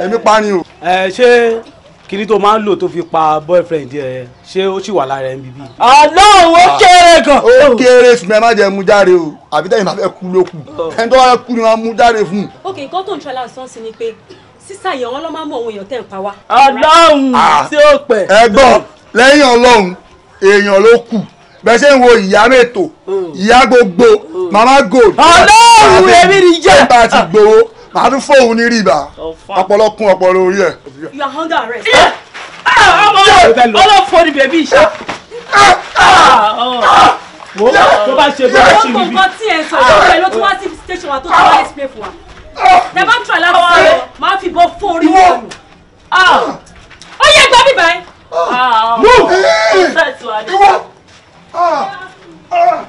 èmi pa ni o. ẹ ṣé kiri tó máa ń lò tó fi pa boyfriend ẹ ṣé ó sì wà lára ẹ níbí. ọlọ́run ó kéré gan. ó kéré sùn ẹ má jẹ mú járe o àbí tẹ́yìn bá fẹ́ kú ló kù oh. ẹni tó bá fẹ́ kú ni wọ́n á mú járe fún un. ok nǹkan tó ń ṣọlá sọ sí ni pé sísá yẹn wọn ló máa mú èèyàn tẹ̀ ń pa wá. ọlọ́run ah. tí ó pẹ́. ẹ̀gbọ́n lẹ́yìn ọlọ́run èèyàn ló kù bẹ́ẹ̀ ṣe ń wo ìyá mẹ́tò ìyá gbogbo mama gold ọlọ́run èmi ni jẹ́ ẹ̀ bá ti gbowó màá tún fóun ní rìbá ọpọlọ kún ọpọlọ orí ẹ. you are under arrest. ọmọ ọlọ́fọ́ ni bèbí ìṣá. wo tó bá ṣe bẹ́ẹ̀ ṣì níbi. ọkọ̀ tí ẹ sọ ìṣòro ẹ ló tún wá sí station wa tó tún wá explain fún wa. tẹ bá tún àlàfo rẹ máa fi bọ fún orí wọn. ó yẹ gbọ́ bíbá ẹ. move. Ah! Ah!